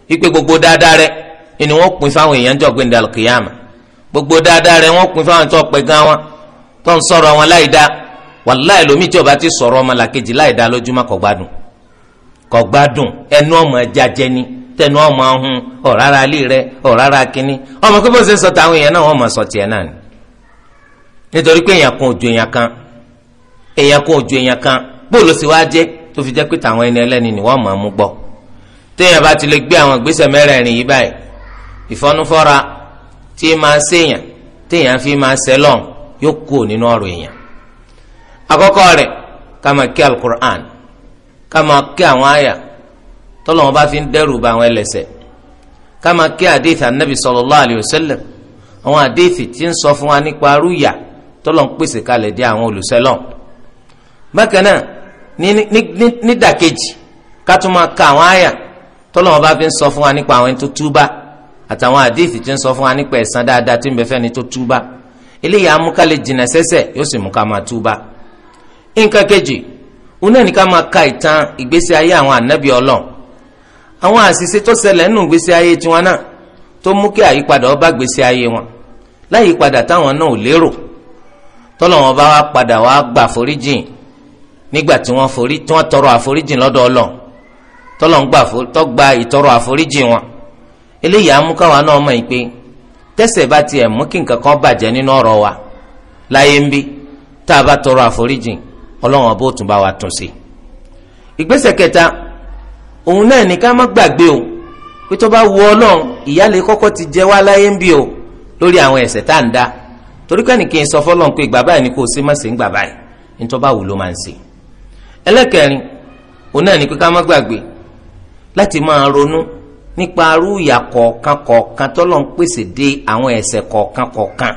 wípé gbogbo dáadáa rẹ̀ ni wọ́n pín fáwọn èèyàn jọ gbẹ̀ndà kìyàmù gbogbo dáadáa rẹ̀ wọ́n pín fáwọn tó pẹ̀ gan wọn tó ń sọ̀rọ̀ wọn láì dá wàláì lómi tí o ti sọ̀rọ̀ ọmọlàkejì láì dá lójúmọ́ kò gbádùn ẹnu ọmọ ẹja jẹ ni tẹnu ọmọ ọhún ọ̀rára alẹ́ rẹ ọ̀rára kínní ọmọ kó ṣe sọ táwọn èèyàn náà wọ́n mọ̀ sọ tiẹ̀ náà ni nítorí pé èèyàn kan ojú èèyàn kan èèyàn kan ojú èèyàn kan bóòlù wá jẹ́ tó fi jẹ́ pé tàwọn ẹni ẹlẹ́ni ni wọ́n máa mú ti lè gbé àwọn ìgbésẹ̀ mẹ́rẹ̀ẹ̀rin fi máa nínú ọ̀rọ̀ èèyàn rẹ̀ ká máa kí ká máa àyà tọ́lọ́wọ́n bá fi ń dẹ́rù ba àwọn ẹlẹ́ṣẹ̀ ká kí àdéhìí ànábì sallallahu alayhi wa sallam àwọn àdéhìí tí ń sọ fún wa nípa arúyà tọ́lọ́wọ́n pèsè kalẹ̀ dé àwọn olùsẹ́lọ̀ bákan náà nídàkejì ká tún máa ka àwọn àyà tọ́lọ́wọ́n bá fi ń sọ fún wa nípa àwọn ẹni tó túbá àtàwọn àdéhìí tí ń sọ fún wa nípa ẹ̀san dáadáa tí ń bẹ fẹ́ni tó túbá eléyìí amúkálẹ̀ jìnnà sẹ́sẹ̀ yóò sì mú ká máa túbá nǹkan kejì òun náà ní ká máa ka ìtàn ìgbésí ayé àwọn ànábì ọlọ́run àwọn àṣìṣe tó ṣẹlẹ̀ nínú gbèsè ayé tiwọn náà tó mú kí àyípadà ó bá gbèsè ayé wọn láyìípadà táwọn náà ò lérò tọ́lọ́wọ́n bá wá padà wá gba àforíjìn nígbà tí wọ́n forí tí wọ́n tọrọ àforíjìn lọ́dọ̀ Ọlọ́run tọ́lọ́wọ́n gbà tó gba ìtọrọ àforíjìn wọn eléyìí amúkáwa náà mọ̀ pé tẹ́sẹ̀ bá tiẹ̀ mú kí nǹkan kan bàjẹ́ nínú ọ̀rọ̀ wa láyé ń bí tá a bá tọrọ àforíjìn Ọlọ́run ọba tún bá wa tún sí. ìgbésẹ̀ kẹta òun náà ní ká má gbàgbé o pé tó bá wu ọlọ́run ìyáálé kọ́kọ́ ti jẹ wá láyé ń bí o lórí àwọn ẹ̀ṣẹ̀ tá à ń dá torí pé ẹnì kì í sọ fọlọ́n pé ìgbà báyìí ni kò sí má ṣe ń gbà báyìí ní tó bá wù ló máa ń ṣe. ẹlẹ́kẹ̀rin òun náà ní pé ká má gbàgbé láti máa ronú nípa arú ìyà kọ̀ọ̀kan kọ̀ọ̀kan tọ́lọ́ ń pèsè dé àwọn ẹ̀ṣẹ̀ kọ̀ọ̀kan kọ̀ọ̀kan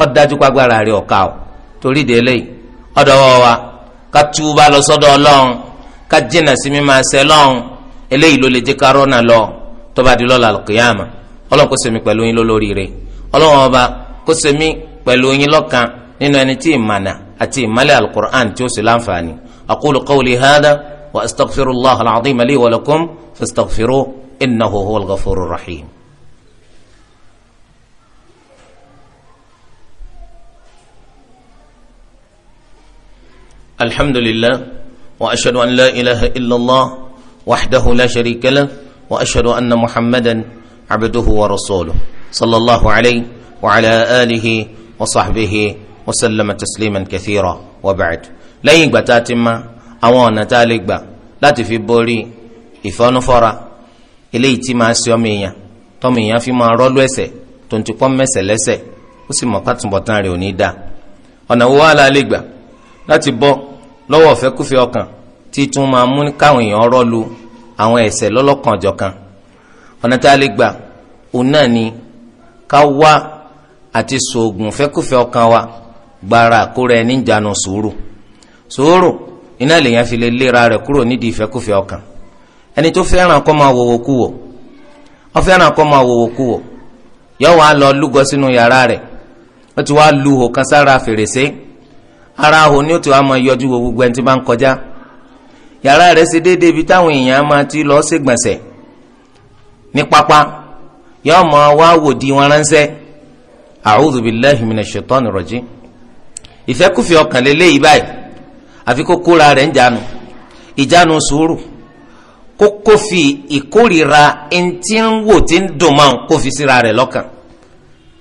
ó dájú pàgbára rẹ̀ ọ̀ka o torí de eléyìí ọ̀dọ̀wọ́ wa ká túbà lọ sọ́dọ̀ ọlọ́run ká jìnnà sí mímọ́ ẹsẹ̀ lọ́run eléyìí ló lè jẹ́ ká rọ́nà lọ tó bá di lọ́la kìyàmà ọlọ́run kó ṣe mí pẹ̀lú yín lólórí rẹ̀ ọlọ́run ọba kó ṣe mí yín lọ́kan nínú ẹni tí ìmànà àti ìmàlẹ̀ alukur'an tí ó sì láǹfààní aqulu qawli hadha wa astaghfirullaha al-azim li wa innahu huwal ghafurur rahim. الحمد لله وأشهد أن لا إله إلا الله وحده لا شريك له وأشهد أن محمدا عبده ورسوله صلى الله عليه وعلى آله وصحبه وسلم تسليما كثيرا وبعد لين يقبى تاتما أوانا تالقبى لا تفي بوري إفانو فرا إليه تما سيوميا تميا فيما رولو ẹsẹ̀ tó ń ti pọ́n mẹ́sẹ̀ lẹ́sẹ̀ ó sì mọ̀ pátùbọ̀tán rẹ̀ ò ní dáa ọ̀nà wo wà lálẹ́ gbà láti bọ́ lọ́wọ́ fẹ́kúfẹ̀ẹ́ ọkàn tún máa mú káwọn èèyàn rọ́lu àwọn ẹ̀ṣẹ̀ lọ́lọ́kanjọ̀kan ọ̀nà tá a lè gbà òun ni ká àti sòògùn ọkàn wa gbára àkórè ẹni ìjánu sùúrù sùúrù iná lèèyàn fi lè léra kúrò nídìí ẹni tó fẹ́ràn máa wòwò fẹ́ràn máa wòwò yọ wàá lọ lúgọ sínú yàrá ara ahò ni ó ti wá máa yọjú wo gbogbo ẹni tí bá ń kọjá yàrá rẹ̀ ṣe déédéé ibi táwọn èèyàn máa ti lọ ṣègbọ̀nsẹ̀ ní pápá yóò máa wá wòdi wọn ránṣẹ́ a'udhu billahi minash shaitani rajim ìfẹ́kùfẹ́ ọkàn lélẹ́yìí báyìí àfi kó kóra rẹ̀ ń jánu ìjánu sùúrù kókó fi ìkórira ẹntì ń wò tí ń dùn mọ́ kó fi síra rẹ̀ lọ́kàn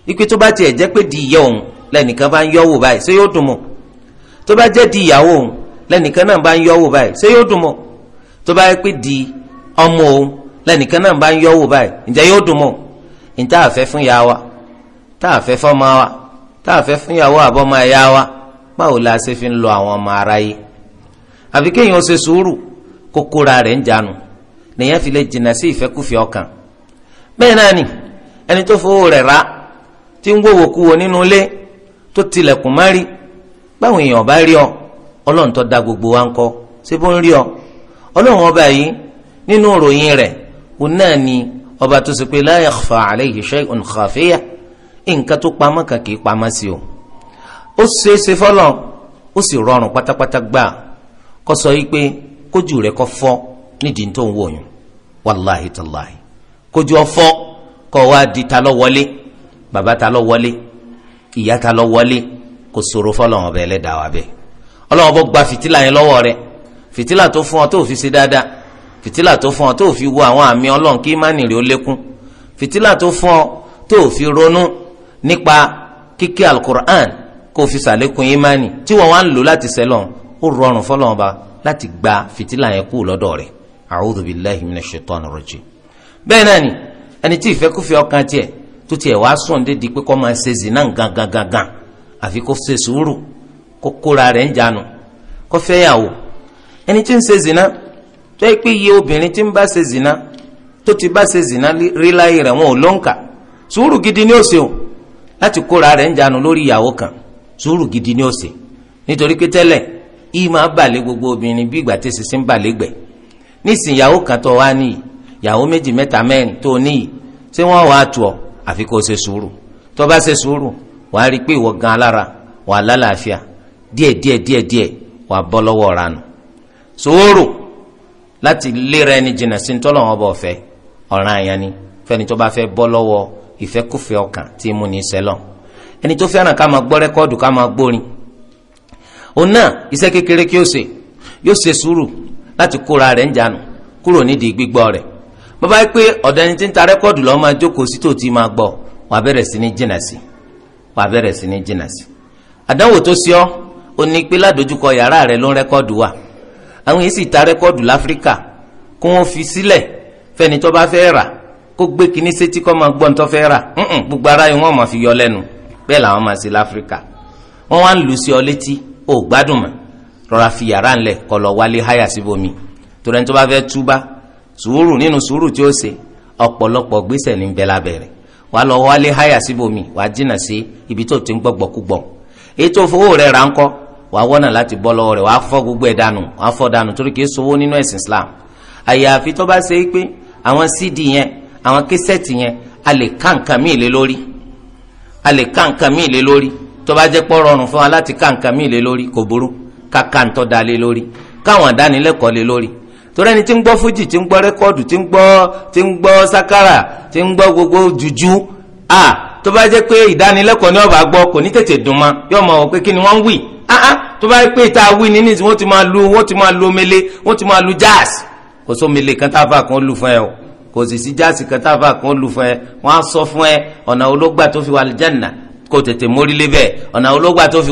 ikú tó bá tiẹ̀ jẹ́ pé di ìyá òun lẹ́nìkan bá ń yọ̀ wò báyìí ṣé yóò dùn mọ́ tó bá jẹ́ di ìyàwó òun lẹ́nìkan náà bá ń yọ wò báyìí ṣé yóò dùn mọ́ tó bá yẹ pé di ọmọ òun lẹ́nìkan náà bá ń yọ wò báyìí ǹjẹ́ yóò dùn mọ́ ìta àfẹ́ fún ìyá wa tá àfẹ́ fọ́mọ wa tá àfẹ́ fún ìyàwó àbọ́mọ ẹ̀yà wa báwo la ṣe fi ń lo àwọn ọmọ aráyé àfi kéèyàn ṣe sùúrù kókóra rẹ̀ ń jánu nìyẹn fi lè jìnnà sí ìfẹ́kùfẹ́ ọkàn bẹ́ẹ̀ náà ni ẹni tó fowó rẹ̀ rà tí ń wòwòkuwò nínú ilé tó tilẹ̀kùn mọ́rí báwọn èèyàn bá rí ọ ọlọ́run tó dá gbogbo wa ń kọ́ ṣé bó ń rí ọ ọlọ́run ọba yìí nínú ìròyìn rẹ̀ òun náà ni ọba tó ṣe pé la yakhfa alayhi shay'un khafiya nǹkan tó pamọ́ kan kì í pamọ́ sí o ó ṣe é ṣe fọlọ́ ó sì rọrùn pátápátá gbà kó sọ yìí pé kójú rẹ̀ kó fọ́ nídìí tó ń wòyàn wàláhi tàláhi kójú ọfọ́ kó wá di ta lọ wọlé bàbá ta lọ wọlé ìyá ta lọ wọlé kò ṣòro fọlọ́wọ́n bẹ́ẹ̀ lẹ́dàá wa bẹ́ẹ̀ ọlọ́wọ́n bó gba fìtílà yẹn lọ́wọ́ rẹ fìtílà tó fún ọ tó fi ṣe dáadáa fìtílà tó fún ọ tó fi wo àwọn àmì ọlọ́run kí ìmánì rẹ ó lékún fìtílà tó fún ọ tó fi ronú nípa kíké alukur'an kó fi ṣàlékún ìmánì tí wọ́n wá ń lò láti sẹ́lọ̀ ó rọrùn fọlọ́wọ́n ba láti gba fìtílà yẹn kú lọ́dọ̀ rẹ̀ a'udhu billahi minash shaitani rajim bẹ́ẹ̀ náà ni ẹni tí ìfẹ́kúfẹ́ ọkàn tiẹ̀ tó tiẹ̀ wá sùn àfi kó ṣe sùúrù kó kóra rẹ̀ ń jánu kó fẹ́yàwó ẹni tí ń ṣe zina tó yẹ pé iye obìnrin tí ń bá ṣe zina tó ti bá ṣe zina rí láyé rẹ̀ wọn ò ló ń kà sùúrù gidi ni ó ṣe o láti kóra rẹ̀ ń jánu lórí ìyàwó kan sùúrù gidi ni ó ṣe nítorí pé tẹ́lẹ̀ ìyí máa bàlẹ́ gbogbo obìnrin bí ìgbà tí ṣiṣẹ́ ń bàlẹ́ gbẹ̀ nísìnyí ìyàwó kan tó wá níyì ìyàwó méjì mẹ́ta mẹ́rin tó níyì tí wọ́n wàá tù ọ́ àfi kó ṣe sùúrù tó bá ṣe sùúrù wàá rí i pé ìwọ gan alára wàá lálàáfíà díẹ̀ díẹ̀ díẹ̀ díẹ̀ wàá bọ́ lọ́wọ́ ranù sòwòrò láti léra ẹni jìnnà sí ní tọ́lọ̀ wọn bọ̀ fẹ́ ọ̀ràn àyàn ni fẹ́ni tó bá fẹ́ bọ́ lọ́wọ́ ìfẹ́kùfẹ́ ọkàn tí mú ní sẹ́lọ̀ ẹni tó fẹ́ràn ká máa gbọ́ rẹ́kọ́ọ̀dù ká máa gbórin òun náà iṣẹ́ kékeré kí ó ṣe yóò ṣe sùúrù láti kóra rẹ̀ ń jánu kúrò nídìí gbígbọ́ rẹ̀ bàbá yìí pé ọ̀dọ̀ ẹni tí ń ta rẹ́kọ́ọ̀dù lọ́ọ́ máa jókòó sí tòótì máa gbọ́ wàá bẹ̀rẹ̀ sí ní jìnnà sí i wà bẹ̀rẹ̀ sí ní jìnnà sí àdánwò tó sí ọ ò ní pé ládojúkọ yàrá rẹ ló ń rẹ́kọ́ọ̀dù wà àwọn yìí sì ta rẹ́kọ́ọ̀dù láfíríkà kó wọ́n fi sílẹ̀ fẹ́ni tó bá fẹ́ rà kó gbé kinní sétí kó máa gbọ́n tó fẹ́ rà gbogbo ara yìí wọ́n máa fi yọ lẹ́nu bẹ́ẹ̀ làwọn máa ṣe láfíríkà wọ́n wá ń lù sí ọ létí ò gbádùn mọ́ rọra fi yàrá ńlẹ̀ kó lọ wálé háyà síbòmí torí ẹni tó bá fẹ́ túbá sùúrù nínú sùúrù tí ó ṣe ọ̀pọ̀lọpọ̀ gbèsè ní bẹ́ẹ̀ wàá lọ wálé háyà síbòmí wàá jìnnà sí ibi tó ti ń gbọ́ gbọ́kúgbọ́ ètò owó rẹ̀ ránkọ́ wàá wọ́nà láti bọ́ lọ́wọ́ rẹ̀ wàá fọ́ gbogbo ẹ̀ dànù wàá fọ́ dànù torí kìí sowó nínú ẹ̀sìn Islam àyàfi tó bá ṣe é pé àwọn cd yẹn àwọn kẹsẹ̀tì yẹn a lè ká nǹkan míì lé lórí a lè ká nǹkan míì lé lórí tó bá jẹ́ pọ́ rọrùn fún wa láti ká nǹkan míì lé lórí kò burú ká ká ń da lé lórí káwọn àdánilẹ́kọ̀ọ́ lé lórí torí ẹni tí ń gbọ́ fújì tí ń gbọ́ rẹ́kọ́ọ̀dù tí ń gbọ́ tí ń gbọ́ gbogbo juju a tó bá jẹ́ pé ìdánilẹ́kọ̀ọ́ ní ọba gbọ́ kò ní tètè dùn ma yóò mọ̀ pé kí ni wọ́n ń wì áhán tó bá pé ìta wọ́n ti máa lu wọ́n ti máa lu omele wọ́n ti máa lu jazz kò mele kan tá a fà fún ẹ o kò sì sí sọ fún ẹ ọ̀nà ológbà tó fi wà lìjánà kò tètè bẹ́ẹ̀ ọ̀nà ológbà tó fi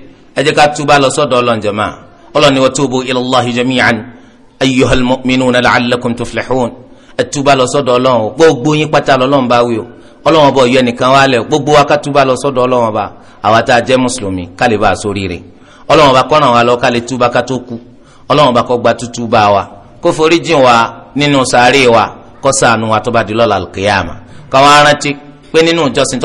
ẹ jẹ́ ká túbà lọ sọ́dọ̀ Ọlọ́run jàmáà Ọlọ́run ní wa tubu ila Allahi jami'an ayyuhal mu'minuna la'allakum tuflihun ẹ túbà lọ sọ́dọ̀ Ọlọ́run gbogbo yín pátá l'Ọlọ́run bá wí o Ọlọ́run ọba ọ̀yọ́ nìkan wà lẹ̀ gbogbo wa ká túbà lọ sọ́dọ̀ Ọlọ́run ọba àwa tá a jẹ́ mùsùlùmí ká lè bá a sórí rẹ̀ Ọlọ́run ọba kó ràn wá lọ ká lè túbà ká tó kú Ọlọ́run ọba kó gba tútú bá wa kó forí jìn wá nínú sàárè wa kó ṣàánú wa tó bá di lọ́la al káwọn arántí pé nínú ìjọsìn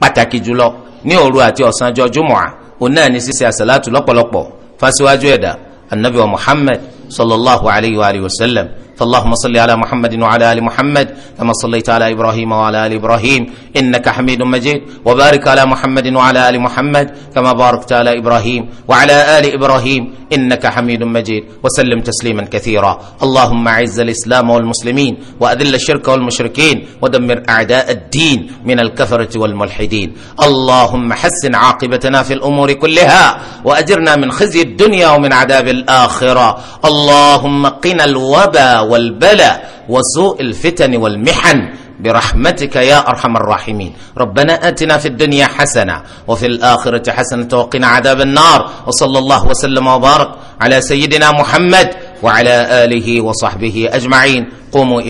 pàtàkì jùlọ ní òru àti ọ̀sánjọ́ jùmọ̀à òun náà ní ṣíṣe àṣàlátù lọ́pọ̀lọpọ̀ fásiwájú ẹ̀dá anabi wa muhammed صلى الله عليه وآله وسلم فاللهم صل على محمد وعلى آل محمد كما صليت على إبراهيم وعلى آل إبراهيم إنك حميد مجيد وبارك على محمد وعلى آل محمد كما باركت على إبراهيم وعلى آل إبراهيم إنك حميد مجيد وسلم تسليما كثيرا اللهم أعز الإسلام والمسلمين وأذل الشرك والمشركين ودمر أعداء الدين من الكفرة والملحدين اللهم حسن عاقبتنا في الأمور كلها وأجرنا من خزي الدنيا ومن عذاب الآخرة الله اللهم قنا الوبا والبلاء وسوء الفتن والمحن برحمتك يا ارحم الراحمين ربنا اتنا في الدنيا حسنه وفي الاخره حسنه وقنا عذاب النار وصلى الله وسلم وبارك على سيدنا محمد وعلى اله وصحبه اجمعين قوموا